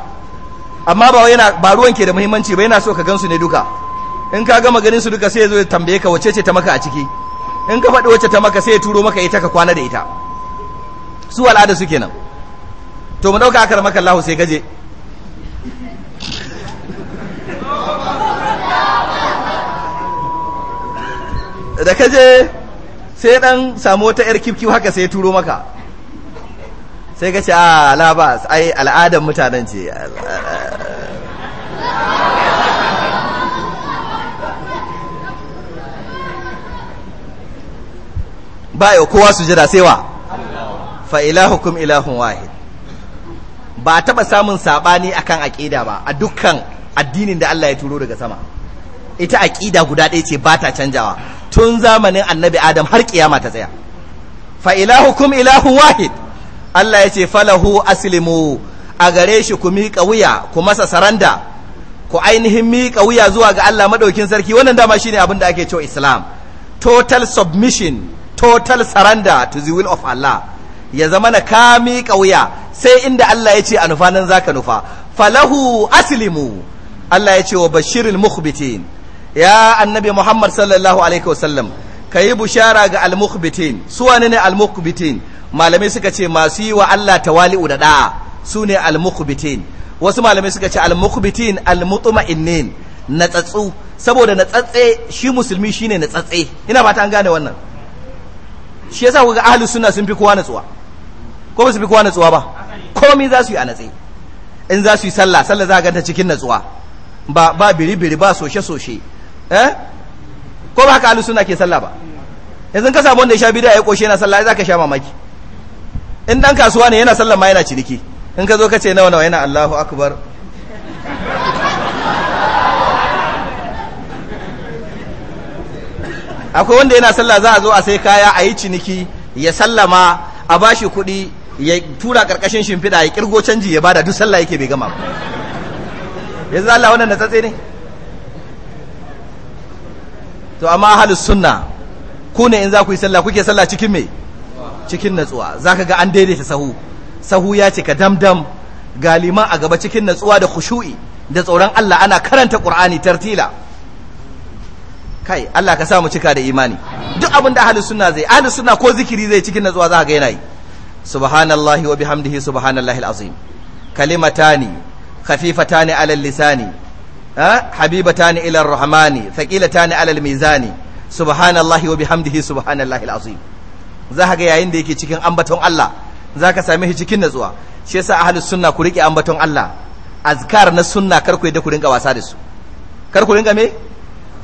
amma ba yana ba ruwan ke da muhimmanci ba yana so ka gansu ne duka in ka gama ganin su duka sai ya zo ya tambaye ka wacece ce ta maka a ciki in ka faɗi wacce ta maka sai ya turo maka ita ka kwana da ita su al'ada su kenan to mu ɗauka akar maka Allah sai gaje da kaje sai dan samu wata yar kifkiu haka sai ya turo maka sai ka ce ah, a labas ai al'adar mutanen ce ba yau kowa su jira sai wa fa'ilahukum ilahun wahid ba a taɓa samun sabani akan aƙida ba a dukkan addinin da Allah ya turo daga sama ita aƙida guda ɗaya ce ba ta canjawa tun zamanin annabi adam har kiyama ta tsaya fa'ilahukum ilahun wahid Allah ya ce falahu aslimu a gare shi ku miƙa wuya ku masa saranda ku ainihin miƙa wuya zuwa ga Allah maɗaukin sarki wannan dama shine abin da ake cewa Islam total submission total saranda to the will of Allah ya zama na ka miƙa wuya sai inda Allah ya ce a nufa nan zaka nufa falahu aslimu Allah ya ce wa bashirul mukhbitin ya annabi Muhammad sallallahu alaihi wasallam ka yi bushara ga almukbitin su wani ne almukbitin malamai suka ce masu yi wa Allah tawali'u da da'a su ne almukbitin wasu malamai suka ce innen na natsatsu saboda tsatse shi musulmi shi na tsatse ina ba ta an gane wannan shi yasa kuka ahalus suna sun fi kowa natsuwa ko ba su fi kowa natsuwa ba komai za su yi a natse in za su yi sallah sallah za a ganta cikin natsuwa ba ba biri biri ba soshe soshe eh ko ba haka alusuna ke sallah ba yanzu ka samu wanda ya sha bid'a ya koshe yana sallah zaka sha mamaki in dan kasuwa ne yana sallah ma yana ciniki in ka zo ka ce nawa nawa yana Allahu akbar akwai wanda yana sallah za a zo a sai kaya a yi ciniki ya sallama a bashi kuɗi ya tura karkashin shimfiɗa ya kirgo canji ya bada duk sallah yake bai gama ba yanzu Allah wannan na tsatse ne to amma ahlus sunna ku ne in za ku yi sallah kuke sallah cikin me cikin natsuwa zaka ga an daidaita sahu sahu ya cika damdam galima a gaba cikin natsuwa da khushu'i da tsoron Allah ana karanta Qur'ani tartila kai Allah ka sa mu cika da imani duk abin da ahlus sunna zai ahlus sunna ko zikiri zai cikin natsuwa za ka ga yana yi subhanallahi wa bihamdihi subhanallahi alazim kalimatani khafifatani ala lisani habibatani ila rahmani thaqilatani ala almizani subhanallahi wa bihamdihi subhanallahi alazim ga yayin da yake cikin ambaton Allah same shi cikin natsuwa shi yasa ahlus sunna ku rike ambaton Allah azkar na sunna kar ku yadda ku wasa da su kar ku rinka me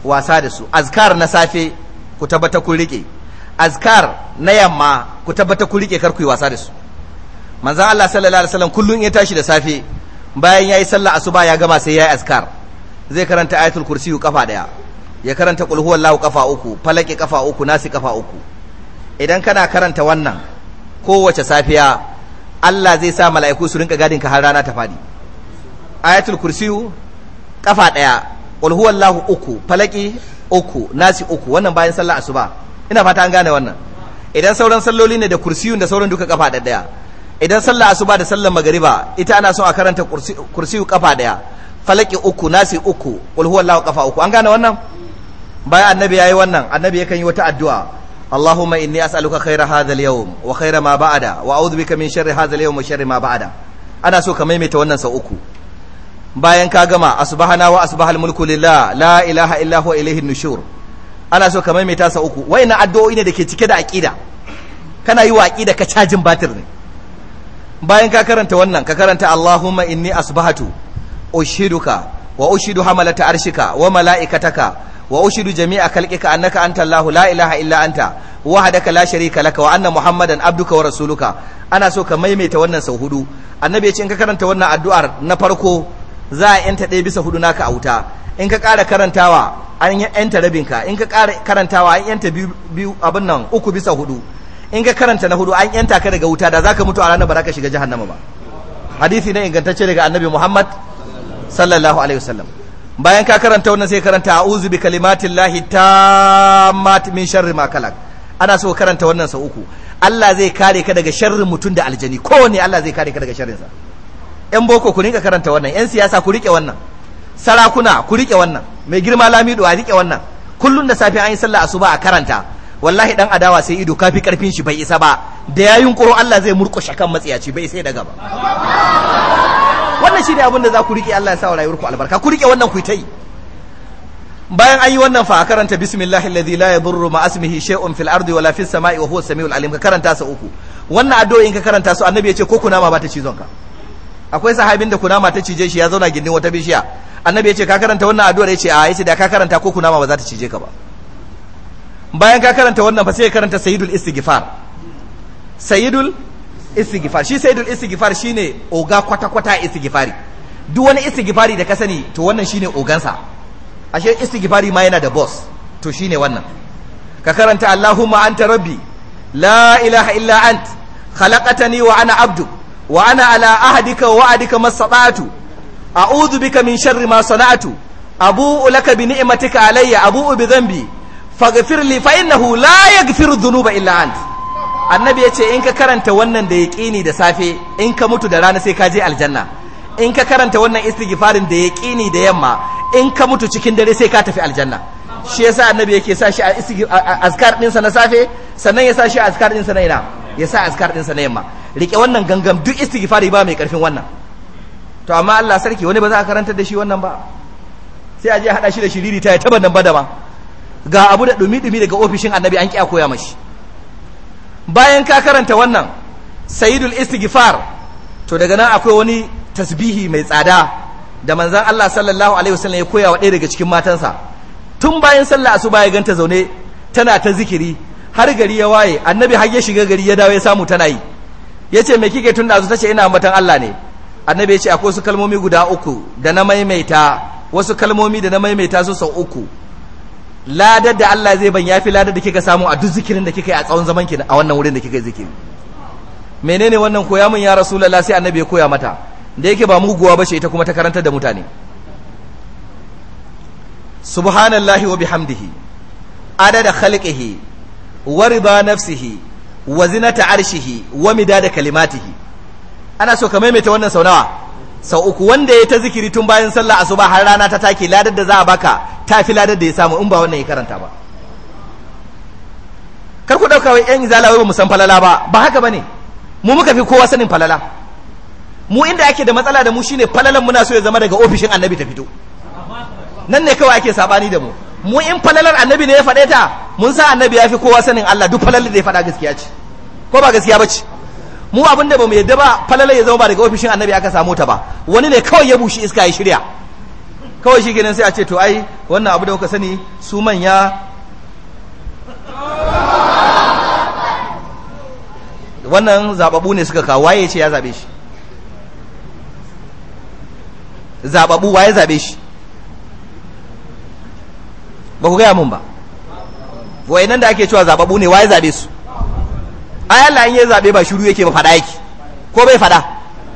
wasa da su azkar na safe ku tabbata ku rike azkar na yamma ku tabbata ku rike kar ku yi wasa da su manzon Allah sallallahu alaihi wasallam kullun ya tashi da safe bayan yayi sallah asuba ya gama sai ya yi azkar zai karanta ayatul kursiyu kafa daya ya karanta qul huwallahu kafa uku falaki kafa uku nasi kafa uku idan kana karanta wannan kowace safiya Allah zai sa mala'iku su rinka gadin ka har rana ta fadi ayatul kursiyu kafa daya qul huwallahu uku falaki uku nasi uku wannan bayan sallar asuba ina fata an gane wannan idan sauran salloli ne da kursiyun da sauran duka kafa daya idan sallar asuba da sallar magariba ita ana so a karanta kursiyu kafa daya falaki uku nasi uku qul huwallahu kafa uku an gane wannan bayan annabi yayi wannan annabi yakan yi wata addu'a Allahumma inni as'aluka khaira hadha al wa khaira ma ba'da wa a'udhu bika min sharri hadha al wa sharri ma ba'da ana so ka maimaita wannan sau uku bayan ka gama asbahana wa asbahal mulku la ilaha illa huwa ilayhi nushur ana so ka maimaita sau uku wayannan addu'o'i ne ke cike da aqida kana yi wa ka cajin batir ne bayan ka karanta wannan ka karanta inni ushiduka wa ushidu hamalata arshika wa mala'ikataka wa ushidu jami'a khalqika annaka anta Allahu la ilaha illa anta wahdaka la sharika laka wa anna muhammadan abduka wa rasuluka ana so ka maimaita wannan sau hudu annabi ya ce in ka karanta wannan addu'ar na farko za a yanta ɗaya bisa hudu naka a wuta in ka ƙara karantawa an yanta rabin ka in ka ƙara karantawa an yanta biyu abin nan uku bisa hudu in ka karanta na hudu an yanta ka daga wuta da zaka mutu a ranar ba za ka shiga jahannama ba hadisi na ingantacce daga annabi muhammad sallallahu alaihi wasallam bayan ka karanta wannan sai karanta a'udhu bi kalimatillahi tammat min sharri ma kalak ana so karanta wannan sa uku Allah zai kare ka daga sharrin mutum da aljani ko kowane Allah zai kare ka daga sa yan boko ku rinka karanta wannan yan siyasa ku rike wannan sarakuna ku rike wannan mai girma lamido a rike wannan kullun da safe an yi sallah asuba a karanta wallahi dan adawa sai ido kafi karfin shi bai isa ba da yayin qur'an Allah zai murƙushe kan matsiyaci bai sai daga ba wannan ne abin da za ku rike Allah ya sa wa rayuwarku albarka ku rike wannan ku ta yi bayan an yi wannan fa karanta bismillah alladhi la yadurru ma asmihi shay'un fil ardi wala fis sama'i wa huwa samiul alim ka karanta sa uku wannan addu'o'in ka karanta su annabi ya ce ko kunama ba ta cizon ka akwai sahabin da kunama ta cije shi ya zauna gindin wata bishiya annabi ya ce ka karanta wannan addu'ar ya ce a yace da ka karanta ko kunama ba za ta cije ka ba bayan ka karanta wannan fa sai ka karanta sayyidul istighfar sayyidul istighfar shi saidul istighfar shine oga kwata kwata istighfari duk wani istighfari da ka sani to wannan shine ogansa ashe istighfari ma yana da boss to shine wannan ka karanta Allahumma anta rabbi la ilaha illa ant khalaqtani wa ana abdu wa ana ala ahdika wa wa'adika masata'tu a'udhu bika min sharri ma sana'tu abu ulaka bi ni'matika alayya abu bi dhanbi faghfir li fa innahu la yaghfiru dhunuba illa anta annabi ya ce in ka karanta wannan da ƙini da safe in ka mutu da rana sai ka je aljanna in ka karanta wannan istighfarin da ƙini da yamma in ka mutu cikin dare sai ka tafi aljanna shi yasa annabi yake sa shi azkar ɗinsa na safe sannan ya sa shi azkar ɗinsa na ina ya sa azkar ɗinsa na yamma rike wannan gangam duk istighfari ba mai karfin wannan to amma Allah sarki wani ba za a karanta da shi wannan ba sai a je a haɗa shi da shiriri ta ya taba nan ba da ga abu da dumi-dumi daga ofishin annabi an ƙi a koya mashi bayan ka karanta wannan sayidul istighfar to daga nan akwai wani tasbihi mai tsada da manzon Allah sallallahu alaihi wasallam ya koya wa ɗaya daga cikin matansa tun bayan sallah asuba ya ganta zaune tana ta zikiri har gari ya waye annabi har ya shiga gari ya dawo ya samu tana yi yace me kike tun dazu tace ina ambatan Allah ne annabi ya ce akwai su kalmomi guda uku da na maimaita wasu kalmomi da na maimaita su sau uku ladar da Allah zai ban yafi ladar da kika samu a duk zikirin da kika yi a tsawon zaman ki a wannan wurin da kika yi zikiri menene wannan koya mun ya rasulullah sai annabi ya koya mata da yake ba muguwa bace ita kuma ta karantar da mutane subhanallahi wa bihamdihi adada khalqihi wa rida nafsihi wa zinata arshihi wa midada kalimatihi ana so ka maimaita wannan sau nawa sau uku wanda ya ta zikiri tun bayan sallah asuba har rana ta take ladar da za a baka ta fi ladar da ya samu in ba wannan ya karanta ba kar ku ɗauka wai 'yan izala wai ba mu san falala ba ba haka ba ne mu muka fi kowa sanin falala mu inda ake da matsala da mu shine falalan muna so ya zama daga ofishin annabi ta fito nan ne kawai ake sabani da mu mu in falalar annabi ne ya faɗe ta mun sa annabi ya fi kowa sanin Allah duk falalar da ya faɗa gaskiya ce ko ba gaskiya ba ce mu abin da ba mu yadda ba falalai ya zama ba daga ofishin annabi aka samu ta ba wani ne kawai ya bushi iska ya shirya kawai shi kenan sai a ce to ai wannan abu da kuka sani su manya wannan zababu ne suka kawo waye ce ya zabe shi zababu waye zabe shi ba ku gaya mun ba wayannan da ake cewa zababu ne waye zabe su ai Allah in ya zabe ba shiru yake ba fada yake ko bai fada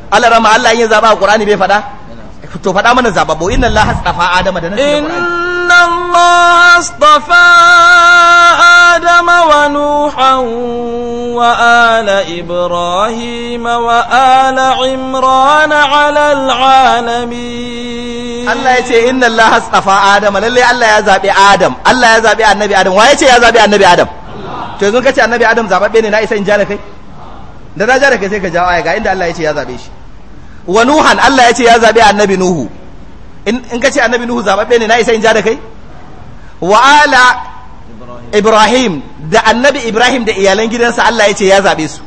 Allah rama Allah in ya zaba a Qur'ani bai fada to fada mana zababbo inna Allah astafa Adama da nan inna Allah astafa Adama wa Nuhan wa ala Ibrahim wa ala Imran ala alamin Allah ya ce inna Allah astafa Adama lalle Allah ya zabe Adam Allah ya zabe annabi Adam wa ya ce ya zabe annabi Adam to yanzu kace annabi adam zababbe ne na isa in ja da kai da na ja da kai sai ka jawo aya ga inda Allah ya ce ya zabe shi wa nuhan Allah ya ce ya zabe annabi nuhu in kace annabi nuhu zababbe ne na isa in ja da kai wa ala ibrahim da annabi ibrahim da iyalan gidansa Allah ya ce ya zabe su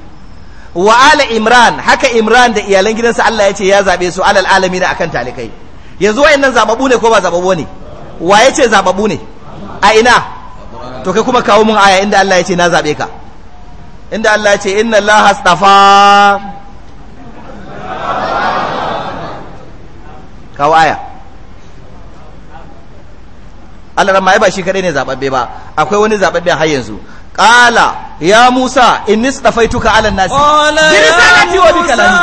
wa ala imran haka imran da iyalan gidansa Allah ya ce ya zabe su alal alamin akan talikai yanzu wayannan zababu ne ko ba zababu ne wa ya ce zababu ne a ina to kai kuma kawo mun aya inda Allah ya ce na zabe ka inda Allah ya ce inna Allah astafa kawo aya Allah ramma ma ba shi kadai ne zababbe ba akwai wani zababbe har yanzu qala ya Musa inni astafaituka ala nasi dirisa risalati wa bi kalani.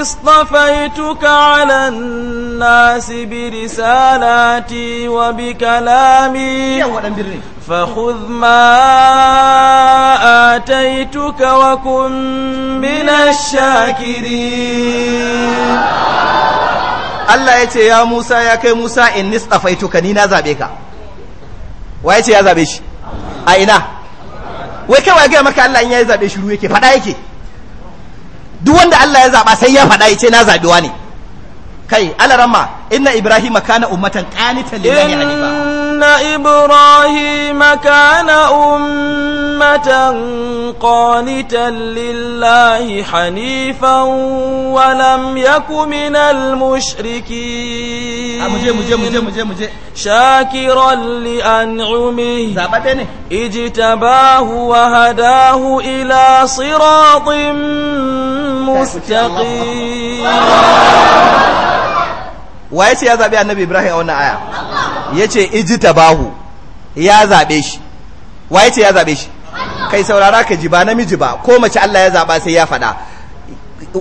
اصطفيتك على الناس برسالاتي وبكلامي فخذ ما آتيتك وكن من الشاكرين Allah ya ce ya Musa ya kai Musa in nistafaituka ni na zabe ka wa ya ce ya zabe shi a ina wai kai wa gaya maka Allah in ya yi zabe shi ruwa yake fada yake duk wanda Allah ya zaba sai ya faɗa ya ce na zabi ne kai alarama inna ibrahim kana ummatan qanitan lillahi hanifa إن إبراهيم كان أمة قانتا لله حنيفا ولم يك من المشركين آه، شاكرا لأنعمه اجتباه وهداه إلى صراط مستقيم wa ya ce ya zaɓi annabi ibrahim a wani aya ya ce iji tabahu ya zaɓe shi wa ya ce ya zaɓe shi kai saurara ka ji ba namiji ba ko mace Allah ya zaɓa sai ya faɗa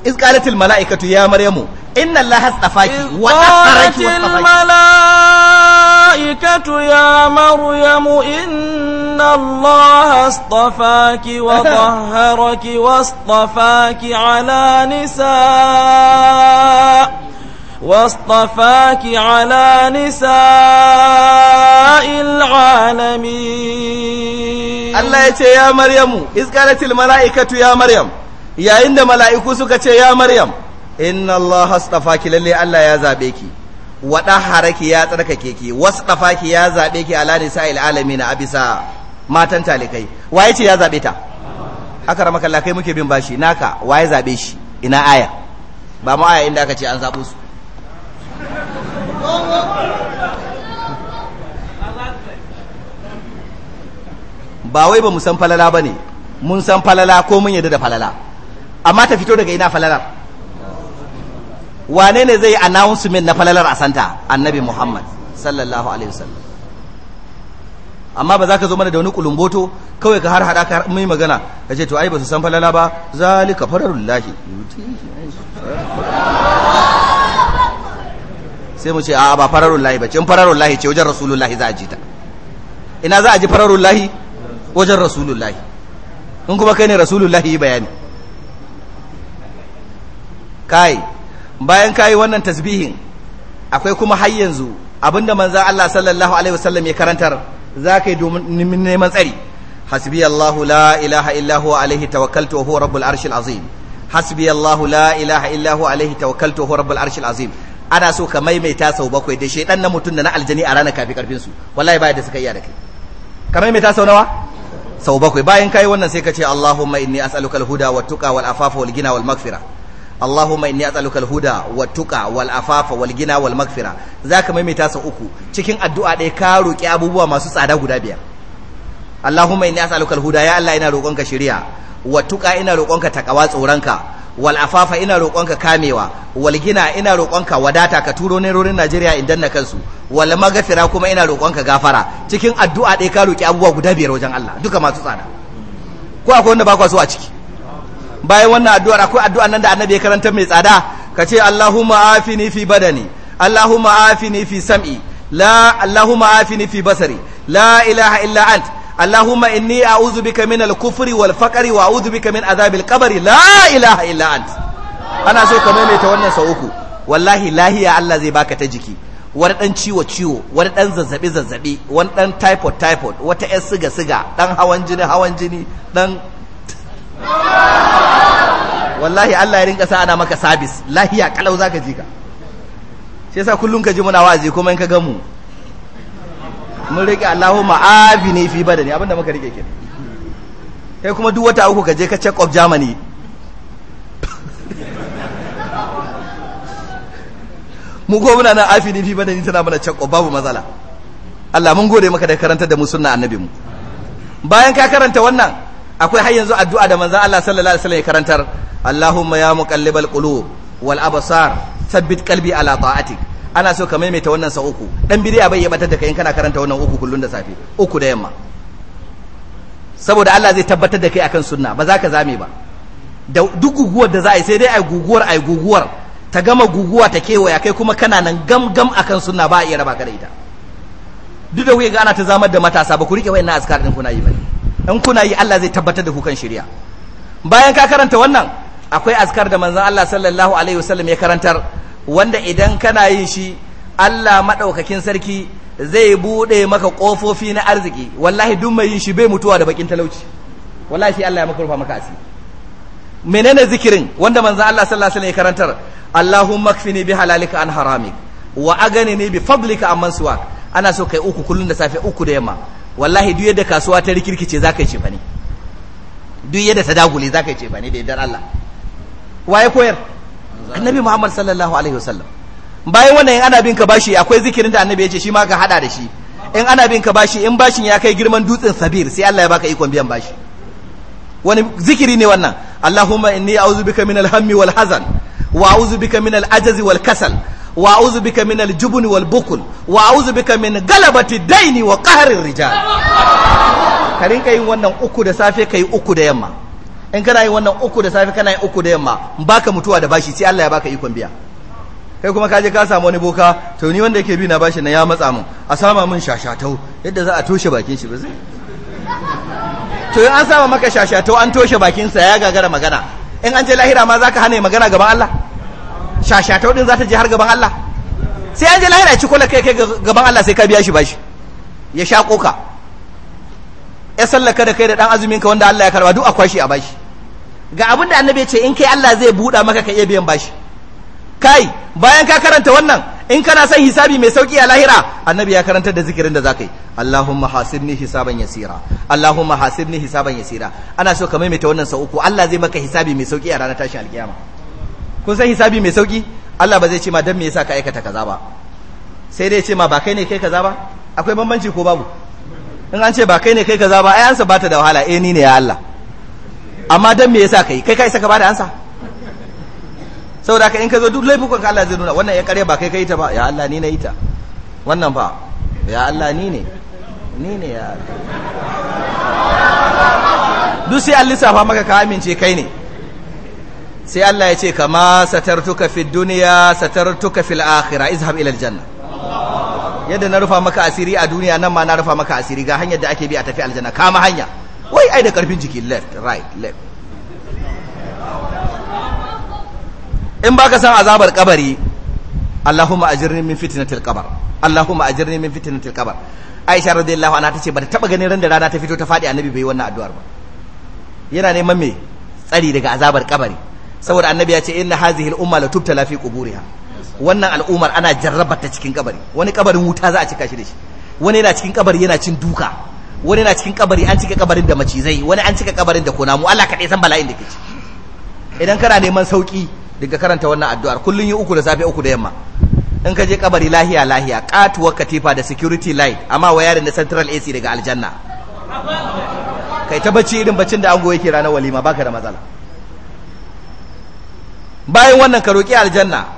izqalatil mala'ikatu ya maryamu inna allaha astafaki wa astaraki wa الملائكة يا مريم إن الله اصطفاك وطهرك واصطفاك على نساء واصطفاك على نساء العالمين الله يتي يا مريم إذ قالت الملائكة يا مريم يا إن ملائكو سكتي يا مريم إن الله اصطفاك للي الله يا زابيكي وطهرك يا ترككيكي واصطفاك يا زابيكي على نساء العالمين أبسا ما تنتالكي وايتي يا زابيتا akaramaka الله kai muke bin bashi naka waye zabe shi ina aya ba mu aya inda aka ce an zabo su ba wai ba mu san falala ba ne mun san falala ko mun yadda da falala amma ta fito daga ina falalar wane ne zai announcement na falalar a santa annabi muhammad sallallahu alaihi wasallam amma ba za ka zo mana da wani kulumboto kawai ka har hada ka mai magana ka ce to ai ba su san falala ba zalika fararullahi sai mu ce a ba fararun lahi ba in fararun lahi ce wajen rasulullahi za a ji ta ina za a ji fararun lahi wajen rasulullahi in kuma kai ne rasulullahi yi bayani kai bayan kayi wannan tasbihin akwai kuma har yanzu abinda manzan Allah sallallahu alaihi wasallam ya karantar za ka yi domin neman tsari hasbi Allahu la ilaha alaihi tawakkaltu wa huwa rabbul arshil azim hasbi la ilaha alaihi tawakkaltu wa huwa rabbul arshil azim ana so ka maimaita sau bakwai da ɗan na mutum da na aljani a ranar kafi karfin su wallahi baya da suka iya da kai ka maimaita sau nawa sau bakwai bayan kai wannan sai ka ce Allahumma inni as'aluka al-huda wa tuqa wal afafa wal gina wal maghfira Allahumma inni as'aluka al-huda wa tuqa wal afafa wal gina wal maghfira zaka maimaita sau uku cikin addu'a ɗaya ka roki abubuwa masu tsada guda biyar Allahumma inni as'aluka al-huda ya Allah ina roƙonka shari'a wa tuqa ina roƙonka takawa tsoranka Walafafa ina roƙonka kamewa Walgina ina roƙonka wadata ka turo nerorin Najeriya in danna kansu wal magafira kuma ina roƙonka gafara cikin addu'a ɗaya ka roƙi abubuwa guda biyar wajen Allah duka masu tsada ko akwai wanda ba so a ciki bayan wannan addu'ar akwai addu'an nan da annabi ya karanta mai tsada ka ce Allahumma afini fi badani Allahumma afini fi sam'i la Allahumma afini fi basari la ilaha illa anta Allahumma inni a'udhu bika min al-kufri wal faqri wa a'udhu bika min adhabil qabri la ilaha illa ant ana so ka maimaita wannan sau uku wallahi lahiya Allah zai baka ta jiki wani dan ciwo ciwo wani dan zazzabi zazzabi wani dan typhoid typhoid wata yar siga siga dan hawan jini hawan jini dan wallahi Allah ya rinka sa ana maka sabis lahiya kalau zaka ji ka shi yasa kullun ka ji muna wa'azi kuma in ka ga mu mun rike Allahumma afini fi badani abinda muka riƙe ke kai kuma duk wata uku ka je ka check of Germany mu ko muna nan afini fi badani tana mana check of babu matsala Allah mun gode maka da karanta da mu sunna annabi mu bayan ka karanta wannan akwai har yanzu addu'a da manzon Allah sallallahu alaihi wasallam ya karantar Allahumma ya muqallibal qulub wal absar thabbit qalbi ala ta'atik ana so ka maimaita wannan sa uku dan bidiya bai ya batar da kai in kana karanta wannan uku kullun da safe uku da yamma saboda Allah zai tabbatar da kai akan sunna ba za ka zame ba da duk guguwar da za a yi sai dai ai guguwar ai guguwar ta gama guguwa ta kewaya kai kuma kana nan gam gam akan sunna ba a iya raba ka da ita duk da wuya ga ana ta zamar da matasa ba ku rike wayannan azkar din kuna yi bane in kuna yi Allah zai tabbatar da ku kan shari'a bayan ka karanta wannan akwai azkar da manzon Allah sallallahu alaihi wasallam ya karantar wanda idan kana yin shi Allah maɗaukakin sarki zai buɗe maka ƙofofi na arziki wallahi duk mai yin shi bai mutuwa da bakin talauci wallahi shi Allah ya maka rufa maka asiri menene zikirin wanda manzo Allah sallallahu alaihi wasallam ya karantar Allahumma kfini bi halalika an harami wa aganini bi fadlika amman suwa ana so kai uku kullun da safe uku da yamma wallahi duk yadda kasuwa ta rikirkice zaka yi ne duk yadda ta dagule zaka yi ne da yardar Allah waye koyar annabi muhammad sallallahu alaihi wasallam bayan wannan in ana bin ka bashi akwai zikirin da annabi ya ce shi ma ka hada da shi in ana bin ka bashi in bashin ya kai girman dutsen sabir sai Allah ya baka ikon biyan bashi wani zikiri ne wannan Allahumma inni a'udhu bika min alhammi hammi wal hazan wa a'udhu bika min al wal kasal wa a'udhu bika min al wal bukl wa a'udhu bika min galabati daini wa qahri rijal ka rinka yin wannan uku da safe kai uku da yamma in kana yi wannan uku da safe kana yi uku da yamma baka mutuwa da bashi sai Allah ya baka ikon biya kai kuma kaje ka samu wani boka to ni wanda yake bi na bashi na ya matsa mun a sama mun shashatau yadda za a toshe bakin shi ba to in an sama maka shashatau an toshe bakin sa ya gagara magana in an je lahira ma zaka hana magana gaban Allah shashatau din za ta je har gaban Allah sai an je lahira ci kula kai kai gaban Allah sai ka biya shi bashi ya sha koka ya sallaka da kai da dan azumin ka wanda Allah ya karba duk akwai shi a bashi ga abin da annabi ce in kai Allah zai buɗa maka ka iya biyan bashi kai bayan ka karanta wannan in kana son hisabi mai sauki a lahira annabi ya karanta da zikirin da zaka yi Allahumma hasibni hisaban yasira Allahumma hasibni hisaban yasira ana so ka maimaita wannan sau uku Allah zai maka hisabi mai sauki a ranar tashi alkiyama kun san hisabi mai sauki Allah ba zai ce ma dan me yasa ka aikata kaza ba sai dai ya ce ma ba kai ne kai kaza ba akwai bambanci ko babu in an ce ba kai ne kai kaza ba ai ansa bata da wahala eh ni ne ya Allah amma dan me yasa kai kai kai saka bada ansa saboda ka in ka zo duk laifukan ka Allah zai nuna wannan ya karya ba kai kai ta ba ya Allah ni na ita wannan ba ya Allah ni ne ni ne ya duk sai Allah lissafa maka ka amince kai ne sai Allah ya ce kama satartuka fid dunya satartuka fil akhira izhab ila aljanna yadda na rufa maka asiri a duniya nan ma na rufa maka asiri ga hanyar da ake bi a tafi aljanna kama hanya wai ai da karfin jiki left right left in baka san azabar kabari Allahumma ajirni min fitnatil qabr Allahumma ajirni min fitnatil qabr Aisha radiyallahu anha tace ba ta taba ganin ran da rana ta fito ta fadi annabi bai wannan addu'ar ba yana neman me tsari daga azabar kabari saboda annabi ya ce inna hazihi al-umma la tubtala fi quburiha wannan al'ummar ana jarrabar ta cikin kabari wani kabarin wuta za a cika shi da shi wani yana cikin kabari yana cin duka wani na cikin kabari an cika kabarin da macizai wani an cika kabarin da kunamu Allah kaɗai san bala'in da ke ci idan kana neman sauki daga karanta wannan addu'ar kullun yi uku da safe uku da yamma in ka je kabari lahiya lahiya katuwar katifa da security light amma wayarin da central AC daga aljanna kai ta bacci irin baccin da ango yake ranar walima baka da matsala bayan wannan ka roki aljanna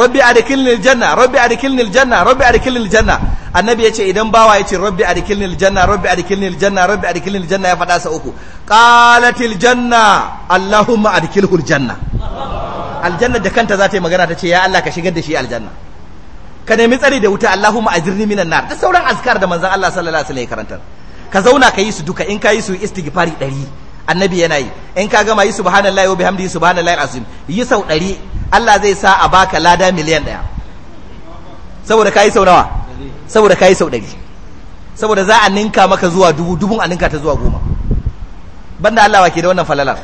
rabbi adkhilni aljanna rabbi adkhilni aljanna rabbi adkhilni aljanna annabi yace idan bawa yace rabbi adkhilni aljanna rabbi adkhilni aljanna rabbi adkhilni aljanna ya fada sa uku qalatil janna allahumma adkhilhu aljanna aljanna da kanta za ta yi magana ta ce ya Allah ka shigar da shi aljanna ka nemi tsari da wuta Allahumma ajirni minan nar da sauran azkar da manzon Allah sallallahu alaihi wasallam ya karantar ka zauna ka yi su duka in ka yi su istighfari 100 annabi yana yi in ka gama yi subhanallahi wa bihamdihi subhanallahi alazim yi sau 100 Allah zai sa a baka lada miliyan ɗaya saboda ka yi sau nawa saboda ka yi sau ɗari saboda za a ninka maka zuwa dubu dubun a ninka ta zuwa goma banda Allah wa ke da wannan falalar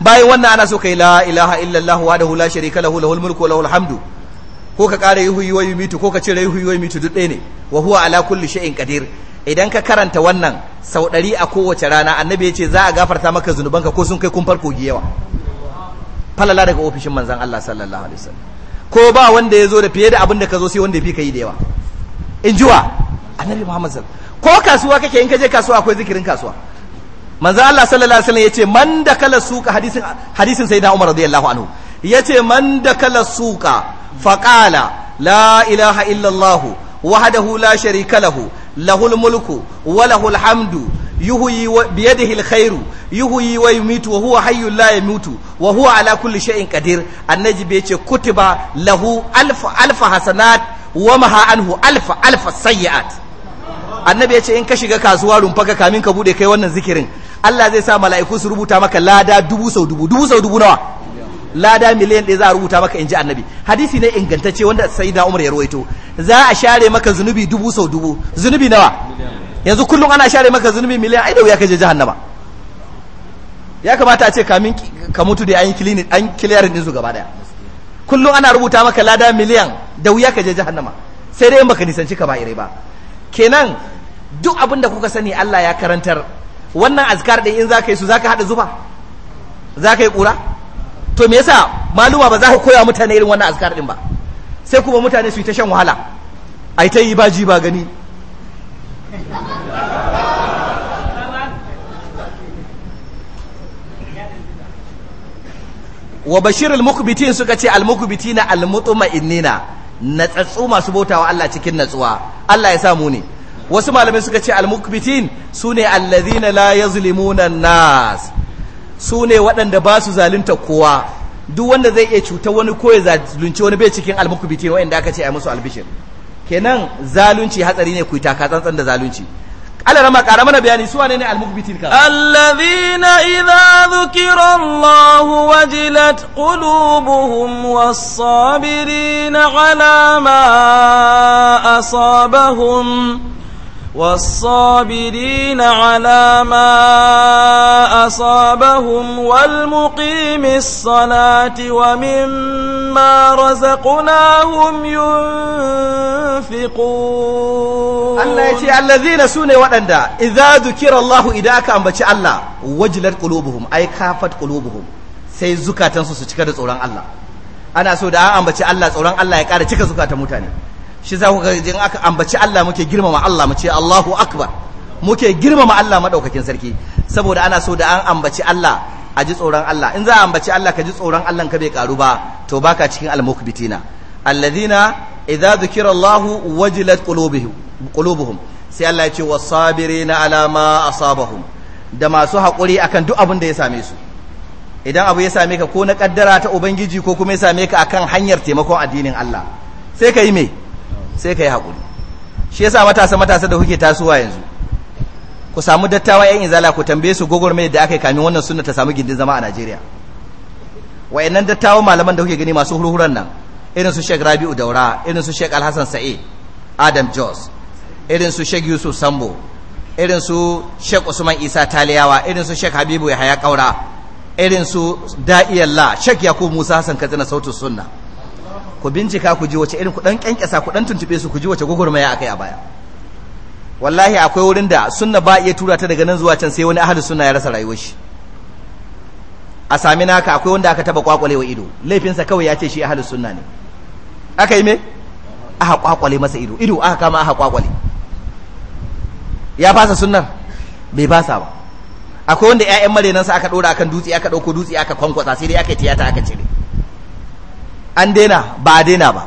bayan wannan ana so ka yi la ilaha illallah da hula sharika lahu lahul mulku wa lahul hamdu ko ka kare huyi wa mitu ko ka cire yi huyi wa mitu duk ɗaya ne wa huwa ala kulli shay'in qadir idan ka karanta wannan sau ɗari a kowace rana annabi ya ce za a gafarta maka zunubanka ko sun kai kun farko yawa falala daga ofishin manzan Allah sallallahu alaihi wasallam ko ba wanda ya zo da fiye da abin da ka zo sai wanda fi kai yi da yawa in jiwa annabi muhammad sallallahu ko kasuwa kake in ka je kasuwa akwai zikirin kasuwa manzan Allah sallallahu alaihi wasallam yace man da kala suka hadisin hadisin sayyidina Umar radiyallahu anhu yace man da kala suka faqala la ilaha illallah wahdahu la sharika lahu lahul mulku wa lahul hamdu wa biyadihi alkhairu yuhuyi wa yumitu wa huwa hayyul la yamutu wa huwa ala kulli shay'in qadir annaji bai ce kutiba lahu alf alf hasanat wa maha anhu alf alf sayiat annabi ya ce in ka shiga kasuwa rumfa ka kamin ka bude kai wannan zikirin Allah zai sa mala'iku su rubuta maka lada dubu sau dubu dubu sau dubu nawa lada miliyan ɗaya za a rubuta maka in ji annabi hadisi ne ingantacce wanda sai da umar ya rawaito za a share maka zunubi dubu sau dubu zunubi nawa yanzu kullum ana share maka zunubi miliyan ai da wuya je jahannama ya kamata a ce kamin ka mutu da an kilini an kiliyar din su gaba daya kullum ana rubuta maka lada miliyan da wuya ka je jahannama sai dai in baka nisanci ka ba ba kenan duk abin da kuka sani Allah ya karantar wannan azkar din in zaka yi su zaka hada zuba zaka yi kura to me yasa maluma ba za ka koya mutane irin wannan azkar din ba sai kuma mutane su yi ta shan wahala ai ta yi baji ba gani wa bashir al-mukbitin suka ce al-mukbitina al-mutma'innina tsatsu masu bautawa Allah cikin natsuwa Allah ya samu ne wasu malamai suka ce al-mukbitin sune alladhina la yazlimuna an-nas sune waɗanda ba su zalunta kowa duk wanda zai iya cuta wani ko ya zalunci wani bai cikin al-mukbitin waɗanda aka ce ai musu al-bashir kenan zalunci hatsari ne ku taka tsantsan da zalunci على رما كرمنا بيان سوى نين المقبتين الذين إذا ذكر الله وجلت قلوبهم والصابرين على ما أصابهم والصابرين على ما أصابهم والمقيم الصلاة ومما رزقناهم ينفقون الله يتي الذين سوني وأندا إذا ذكر الله إذا كان بچ الله وجلت قلوبهم أي كافت قلوبهم sai zukatansu su cika da tsoron Allah ana so da an ambaci Allah tsoron Allah ya ƙara cika zukatan mutane shi za ku ga idan aka ambaci Allah muke girmama Allah mu Allahu akbar muke girmama Allah madaukakin sarki saboda ana so da an ambaci Allah a ji tsoron Allah in za a ambaci Allah ka ji tsoron Allah ka bai karu ba to baka cikin almukbitina alladhina idza dhukira Allah wajilat qulubuhum qulubuhum sai Allah ya ce wasabirina ala ma asabahum da masu hakuri akan duk abin da ya same su idan abu ya same ka ko na kaddara ta ubangiji ko kuma ya same ka akan hanyar taimakon addinin Allah sai ka yi me sai ka yi haƙuri shi yasa matasa matasa da kuke tasowa yanzu ku samu dattawa yan izala ku tambaye su mai da aka yi kamin wannan suna ta samu gindin zama a najeriya wayannan dattawan malaman da kuke gani masu hurhuran nan irin su Sheikh Rabi'u Daura irin su Sheikh Alhassan Sa'e Adam Jos irin su Sheikh Yusuf Sambo irin su Sheikh Usman Isa Taliyawa irin su Sheikh Habibu Yahaya Kaura irin su da'iyalla Sheikh yakubu Musa Hassan Katsina sautin Sunna ku bincika ku ji wace irin ku dan kyankyasa ku dan tuntube su ku ji wace gugurmaya akai a baya wallahi akwai wurin da sunna ba iya tura ta daga nan zuwa can sai wani ahli sunna ya rasa rayuwar shi a sami naka akwai wanda aka taba kwakwalewa ido laifinsa kawai ya ce shi ahli sunna ne aka yi me aka kwakwale masa ido ido aka kama aka kwakwale ya fasa sunnar bai fasa ba akwai wanda ƴaƴan marenansa aka dora akan dutse aka dauko dutse aka kwankwasa sai dai aka yi tiyata aka cire an daina ba a daina ba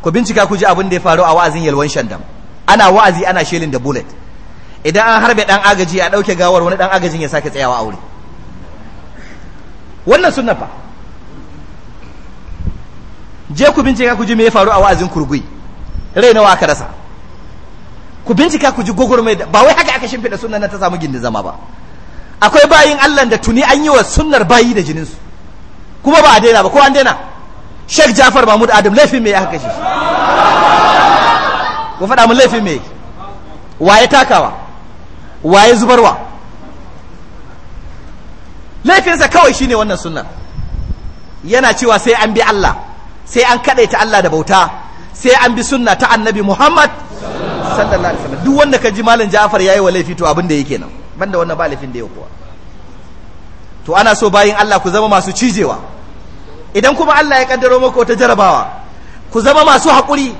ku bincika ku ji abin da ya faru a wa'azin yalwan shandam ana wa'azi ana shelin da bullet idan an harbe dan agaji a dauke gawar wani dan agajin ya sake tsayawa aure wannan sunna fa je ku bincika ku ji me ya faru a wa'azin kurgui rai nawa aka rasa ku bincika ku ji gogormai ba wai haka aka shimfida sunnan nan ta samu gindin zama ba akwai bayin Allah da tuni an yi wa sunnar bayi da jininsu kuma ba a daina ba ko an daina Sheikh Jafar Mahmud Adam laifin me aka kashe ku faɗa mun laifin me waye takawa waye zubarwa laifinsa kawai shine wannan sunan yana cewa sai an bi Allah sai an ta Allah da bauta sai an bi sunna ta annabi Muhammad sallallahu alaihi wasallam duk wanda ka ji malam Ja'far yayi wa laifi to abin da yake nan banda wannan ba laifin da yake kuwa to ana so bayin Allah ku zama masu cijewa idan kuma Allah ya kaddaro maka wata jarabawa ku zama masu haƙuri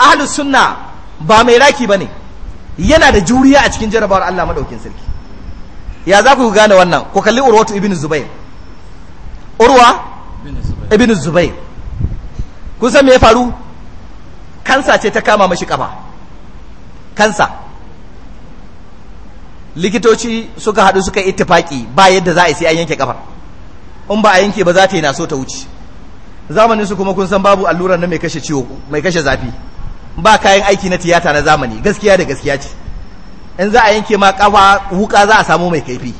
ahlus sunna ba mai raki ba ne yana da juriya a cikin jarabawar Allah madaukin sarki ya za ku gane wannan ku kalli urwatu ibn zubair urwa ibn zubair kun san me ya faru kansa ce ta kama mashi kafa kansa likitoci suka haɗu suka ittifaki ba yadda za a sai an yanke kafar in ba a yanke ba za ta yi na so ta wuce zamanin su kuma kun san babu allurar na mai kashe ciwo mai kashe zafi ba kayan aiki na tiyata na zamani gaskiya da gaskiya ce in za a yanke ma kafa wuka za a samu mai kaifi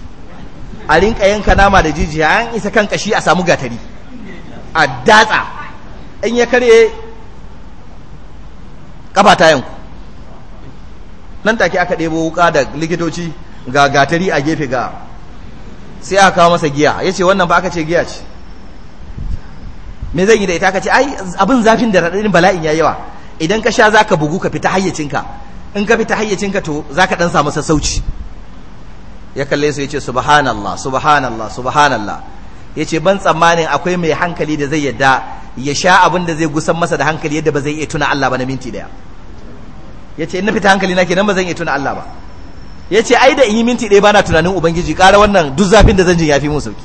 a rinka yanka nama da jijiya an isa kan kashi a samu gatari a datsa in ya karye kafa ta yanku nan take aka ɗebo wuka da likitoci ga gatari a gefe ga sai aka kawo masa giya ya ce wannan ba aka ce giya ce me zai yi da ita aka ce ai abin zafin da raɗaɗin bala'in ya yawa idan ka sha za ka bugu ka fita hayyacinka in ka fita hayyacinka to za ka ɗan samu sassauci ya kalle su ya ce subhanallah subhanallah subhanallah ya ce ban tsammanin akwai mai hankali da zai yadda ya sha abin da zai gusan masa da hankali yadda ba zai iya tuna Allah ba na minti daya ya ce in na fita hankali na kenan ba zan iya tuna Allah ba ya ce ai da in yi minti ɗaya bana tunanin ubangiji ƙara wannan duk zafin da zan jin ya fi mun sauki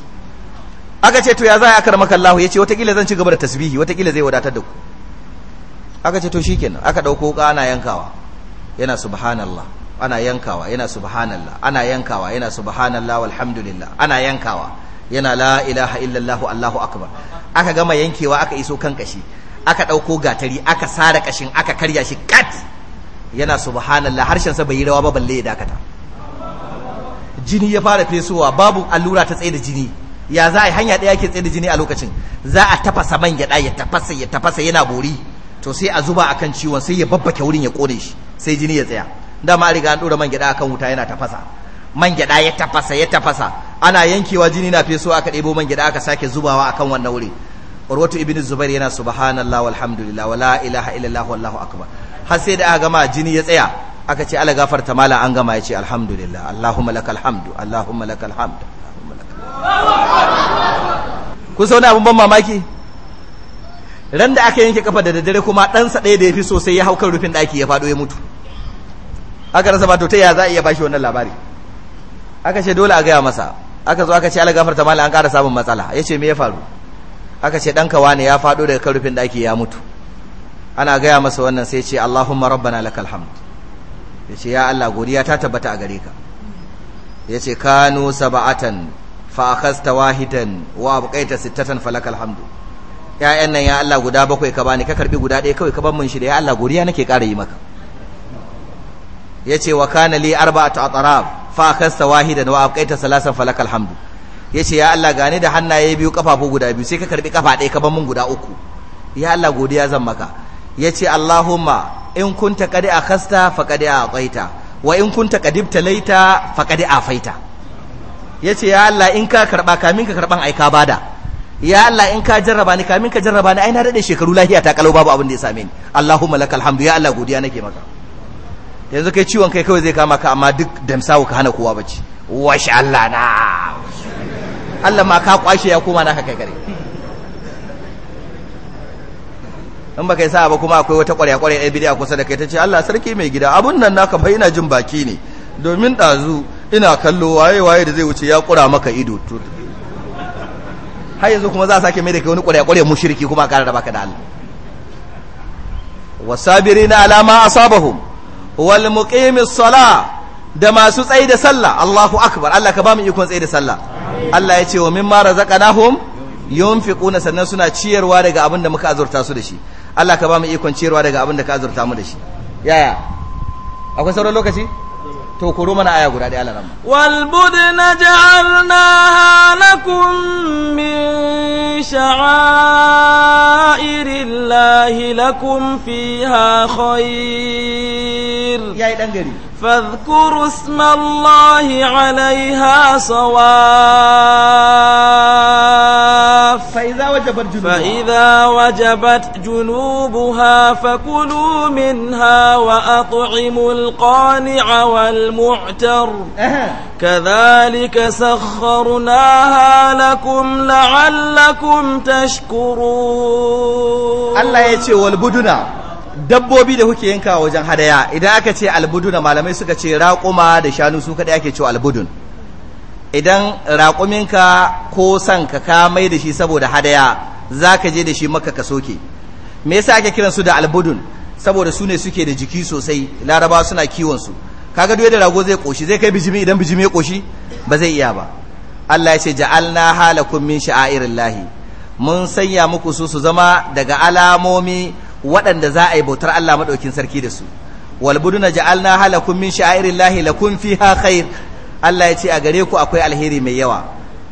aka ce to ya za a aka ramaka Allah ya ce watakila zan ci gaba da tasbihi watakila zai wadatar da ku aka ce to shikenan aka ɗauko ka ana yankawa yana subhanallah ana yankawa yana subhanallah ana yankawa yana subhanallah walhamdulillah ana yankawa yana la ilaha illallah allahu akbar aka gama yankewa aka iso kan kashi aka ɗauko gatari aka sare kashin aka karya shi kat yana subhanallah harshen sa bai yi rawa ba balle ya dakata jini ya fara fesowa babu allura ta tsaye da jini ya za a yi hanya ɗaya ke tsaye da jini a lokacin za a tafasa man gyaɗa ya tafasa ya tafasa yana bori to sai a zuba akan ciwon sai ya babbake wurin ya kone shi sai jini ya tsaya dama riga an ɗora man gyaɗa akan wuta yana tafasa man gyaɗa ya tafasa ya tafasa ana yankewa jini na feso aka ɗebo man gyaɗa aka sake zubawa akan wannan wuri urwatu ibn zubair yana subhanallah walhamdulillah wala ilaha illallah wallahu akbar har sai da aka gama jini ya tsaya aka ce ala gafarta mala an gama ya ce alhamdulillah Allahumma laka alhamdu Allahumma lakal hamdu kun sauna abin ban mamaki ran da aka yanke kafa da daddare kuma ɗansa ɗaya da ya fi sosai ya hau kan rufin ɗaki ya faɗo ya mutu aka rasa ba to ta ya za a iya bashi wannan labari aka ce dole a gaya masa aka zo aka ce ala gafarta mala an ƙara samun matsala ya ce me ya faru aka ce ɗanka wani ya faɗo daga kan rufin ɗaki ya mutu ana gaya masa wannan sai ce allahumma rabbana lakal hamd. ya ce ya Allah godiya ta tabbata a gare ka ya ce kanu saba'atan fa'akasta wahidan wa abuƙaita sittatan falak alhamdu ‘ya'yan nan ya Allah guda bakwai ka bani ka karbi guda ɗaya kawai ka ban mun shi da ya Allah godiya nake ƙara yi maka ya ce wa kana li arba'atu atraf fa'akasta wahidan wa abuƙaita salasan falak alhamdu ya ce ya Allah gane da hannaye biyu kafafu guda biyu sai ka karbi kafa ɗaya ka ban mun guda uku ya Allah godiya zan maka ya ce Allahumma in kunta qad akhasta faqad a'taita wa in kunta qad ibtalaita faqad afaita yace ya Allah in ka karba kamin ka karban ai ka bada ya Allah in ka jarraba ni kamin ka jarraba ni ai na dade shekaru lafiya ta kalau babu abin da ya same ni Allahumma lakal hamdu ya Allah godiya nake maka yanzu kai ciwon kai kawai zai kama ka amma duk damsawu ka hana kowa bacci wash Allah na Allah ma ka kwashe ya koma naka kai kare in baka yi sa'a ba kuma akwai wata ƙwarya ƙwarya ɗaya bidiya kusa da kai ta ce Allah sarki mai gida abun nan naka bai ina jin baki ne domin ɗazu ina kallo waye waye da zai wuce ya ƙura maka ido har yanzu kuma za a sake mai da kai wani ƙwarya ƙwarya mushriki kuma a ƙara da baka da Allah wasabirina ala ma asabahum wal muqimis sala da masu tsayi da sallah Allahu akbar Allah ka ba mu ikon tsayi da sallah Allah ya ce wa mimma razaqnahum yunfiquna sannan suna ciyarwa daga abin da muka azurta su da shi Allah ka ba mu ikon cewa daga abin da ka azurta mu da shi yaya akwai sauran lokaci to koro mana aya guda ɗaya alaram wal budna ja'alna lakum min sha'airillahi lakum fiha khair yayi dan gari اسم الله عليها صواب فإذا وجبت جنوبها فكلوا منها وأطعموا القانع والمعتر كذلك سخرناها لكم لعلكم تشكرون الله يأتي والبدنا dabbobi da kuke yanka wajen hadaya idan aka ce albuduna malamai suka ce raƙuma da shanu su kaɗai ake ce albudun idan raƙuminka ko san ka mai da shi saboda hadaya za ka je da shi maka ka soke me yasa ake kiransu da albudun saboda su ne suke da jiki sosai laraba suna kiwonsu kaga duk da rago zai koshi zai kai bijimi idan bijimi ya koshi ba zai iya ba Allah ya ce ja'alna halakum min sha'airillahi mun sanya muku su su zama daga alamomi waɗanda za a yi bautar Allah madaukin sarki da su wal buduna ja'alna halakum min sha'airillahi lakum fiha khair Allah ya ce a gare ku akwai alheri mai yawa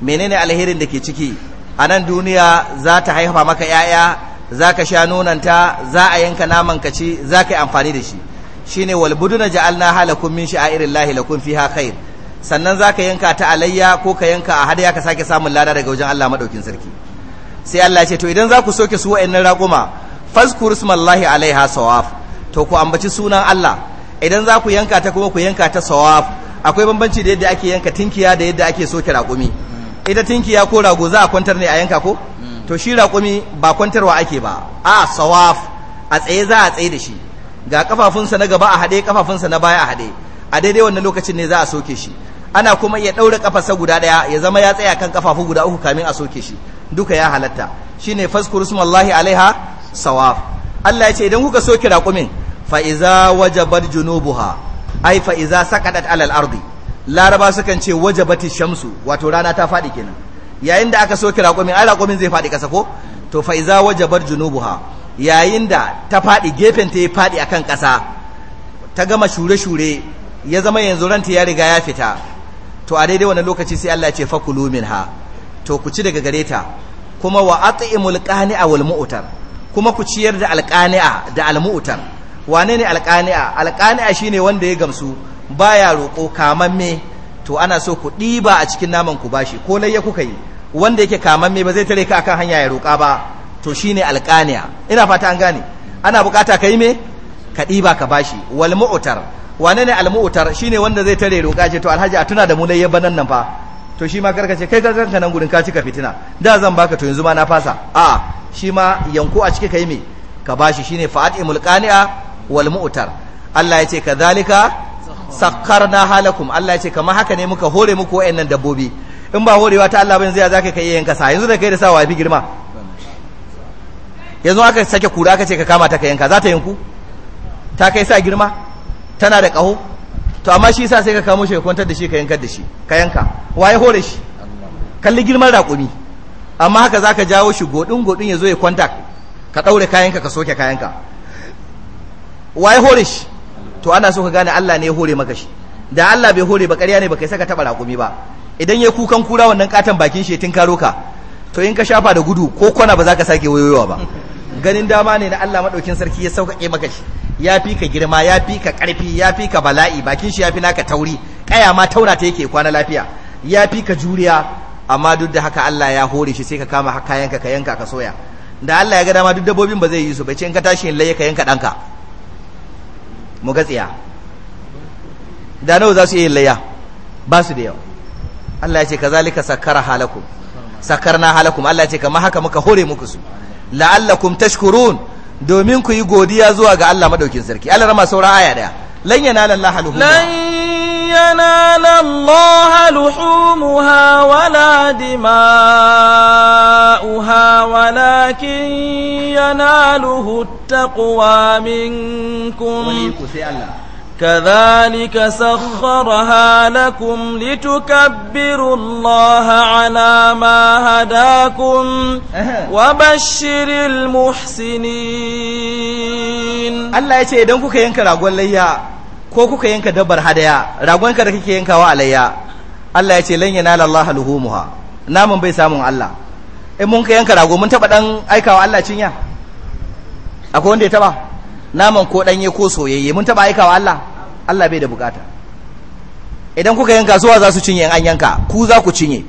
menene alherin da ke ciki a nan duniya za ta haifa maka 'ya'ya za ka sha nonanta za a yanka naman ka ci za ka yi amfani da shi shine wal buduna na halakum min shaa'irillahi fi ha khair sannan za ka yanka ta alayya ko ka yanka a hadaya ka sake samun lada daga wajen Allah madaukin sarki sai Allah ya ce to idan za ku soke su wa'annan raƙuma fazkuru smallahi alaiha sawaf to ku ambaci sunan Allah idan za ku yanka ta kuma ku yanka ta sawaf akwai bambanci da yadda ake yanka tinkiya da yadda ake soke raƙumi ita tinkiya ko rago za a kwantar ne a yanka ko mm. to shi raƙumi ba kwantarwa ake ba a sawaf a tsaye za a tsaye da shi ga kafafunsa na gaba a haɗe kafafunsa na baya a haɗe a daidai wannan lokacin ne za a soke shi ana kuma iya ɗaura kafarsa guda ɗaya ya zama ya tsaya kan kafafu guda uku kamin a soke shi duka ya halatta shine fazkuru smallahi alaiha sawaf Allah ya ce idan kuka soke raƙumin fa iza wajabat junubuha ai fa iza sakadat alal ardi laraba sukan ce wajabati shamsu wato rana ta fadi kenan yayin da aka so soki raƙumin ai raƙumin zai fadi kasa ko to fa iza wajabar junubuha yayin da ta fadi gefen ta ya fadi akan ƙasa ta gama shure-shure ya zama yanzu ranta ya riga ya fita to a daidai wannan lokaci sai Allah ya ce fakulu minha to ku ci daga gare ta kuma wa at'imul qani'a wal mu'tar kuma ku ciyar da alqani'a da al wane ne alƙani'a alƙani'a shine wanda ya gamsu baya roƙo kamamme to ana so ku ɗiba a cikin naman ku bashi ko layya kuka yi wanda yake kamamme ba zai tare ka akan hanya ya roƙa ba to shine alƙani'a ina fata an gane ana buƙata ka yi me ka ɗiba ka bashi wal mu'tar wane ne al mu'tar shine wanda zai tare roƙa ce to alhaji a tuna da mu layya banan nan fa to shi ma karka ce kai ka nan gurin ka cika fitina da zan baka to yanzu ma na fasa a shi ma yanko a ciki kai me ka bashi shine fa'atimul qani'a wal mu'tar Allah ya ce kadhalika sakkarna halakum Allah ya ce kamar haka ne muka hore muku wayannan dabbobi in ba horewa ta Allah bane zai zaka kai yanka sa yanzu da kai da sawa yafi girma yanzu aka sake kura aka ce ka kama ta ka yanka za ta yanku ta kai sa girma tana da kaho to amma shi yasa sai ka kamo shi ka kwantar da shi ka yankar da shi ka yanka waye hore shi kalli girman raƙumi amma haka zaka jawo shi godin godin yazo ya kwanta ka daure kayanka ka soke kayanka waye hore shi to ana so ka gane Allah ne ya hore maka shi da Allah bai hore ba ƙarya ne baka saka taba raƙumi ba idan ya kukan kura wannan katon bakin shi tun karo ka to in ka shafa da gudu ko kwana ba za ka sake wayoyowa ba ganin dama ne na Allah madaukin sarki ya sauƙaƙe maka shi ya fi ka girma ya fi ka ƙarfi ya fi ka bala'i bakin shi ya fi naka tauri ƙaya ma taura ta yake kwana lafiya ya fi ka juriya amma duk da haka Allah ya hore shi sai ka kama kayanka ka yanka ka soya da Allah ya ga dama duk dabbobin ba zai yi su bai ce in ka tashi in laye ka yanka ɗanka mu ga tsiya da nawa za su yi layya ba su da yawa Allah ya ce kazalika sakara halakum sakarna halakum Allah ya ce kamar haka muka hore muku su la'allakum tashkurun domin ku yi godiya zuwa ga Allah madaukin sarki Allah rama saura aya daya lan yanala lahaluhu lan ينال الله لحومها ولا دماؤها ولكن يناله التقوى منكم كذلك سخرها لكم لتكبروا الله على ما هداكم وبشر المحسنين الله يشهد أنكم كينك رغوان ليا ko kuka yanka dabbar hadaya ragonka da kake yankawa alayya Allah ya ce lan yanala Allah luhumha namun bai samun Allah eh mun ka yanka rago mun taba dan aikawa Allah cinya akwai wanda ya taba naman ko danye ko soyayye mun taba aikawa Allah Allah bai da bukata idan kuka yanka zuwa za su cinye an yanka ku za ku cinye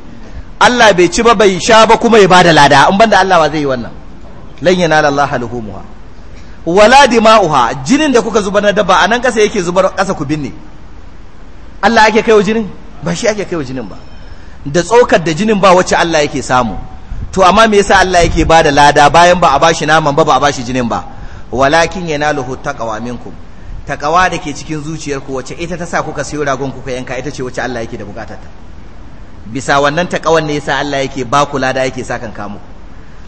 Allah bai ci ba bai sha ba kuma ya bada lada in banda Allah ba zai yi wannan lan yanala Allah luhumha wala dima'uha jinin da kuka zubar na dabba anan kasa yake zubar kasa ku binne Allah ake kaiwa jinin ba shi ake kaiwa jinin ba da tsokar da jinin ba wacce Allah yake samu to amma me yasa Allah yake ba da lada bayan ba a bashi naman ba ba a bashi jinin ba walakin yanaluhu taqwa minkum taqwa da ke cikin zuciyarku wacce ita ta sa kuka sayo ragon kuka yanka ita ce wacce Allah yake da bukatar ta bisa wannan taqwan ne yasa Allah yake ba ku lada yake sakan kamu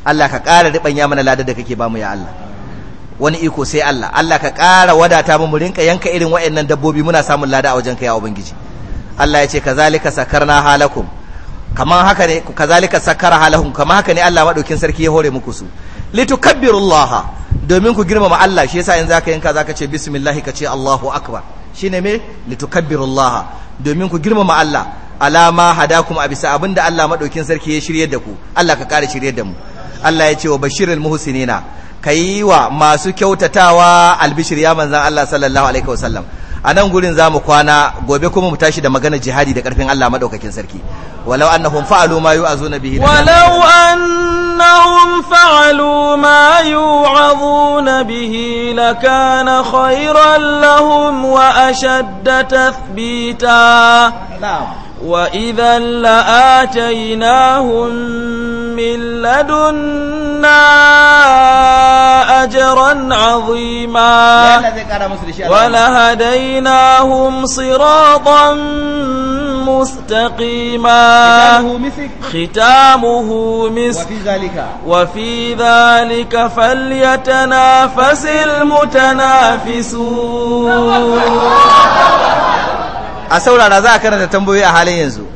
Allah ka ƙara riban ya mana lada da kake ba mu ya Allah wani iko sai Allah Allah ka ƙara wadata mu mu rinka yanka irin wa'annan dabbobi muna samun lada a wajenka ya ubangiji Allah ya ce kazalika sakarna halakum kaman haka ne kazalika sakara halakum kaman haka ne Allah madaukin sarki ya hore muku su litukabbirullaha domin ku girmama Allah shi yasa yanzu zaka yanka zaka ce bismillah ka ce Allahu akbar shine me litukabbirullaha domin ku girmama Allah alama hadakum abisa abinda Allah madaukin sarki ya shirye da ku Allah ka ƙara shiryar da mu Allah ya ce wa bashirul muhsinina ka yi wa masu kyautatawa albishir ya manzan Allah sallallahu alaihi wasallam a nan gurin za mu kwana gobe kuma mu tashi da magana jihadi da karfin Allah madaukakin sarki walau annahum fa'alu ma yu'azuna bihi walau annahum fa'alu ma yu'azuna bihi lakana khayran lahum wa ashadda tathbita وإذا لآتيناهم من لدنا أجرا عظيما ولهديناهم صراطا مستقيما ختامه مسك وفي ذلك فليتنافس المتنافسون a saurara za a karanta tambayoyi a halin yanzu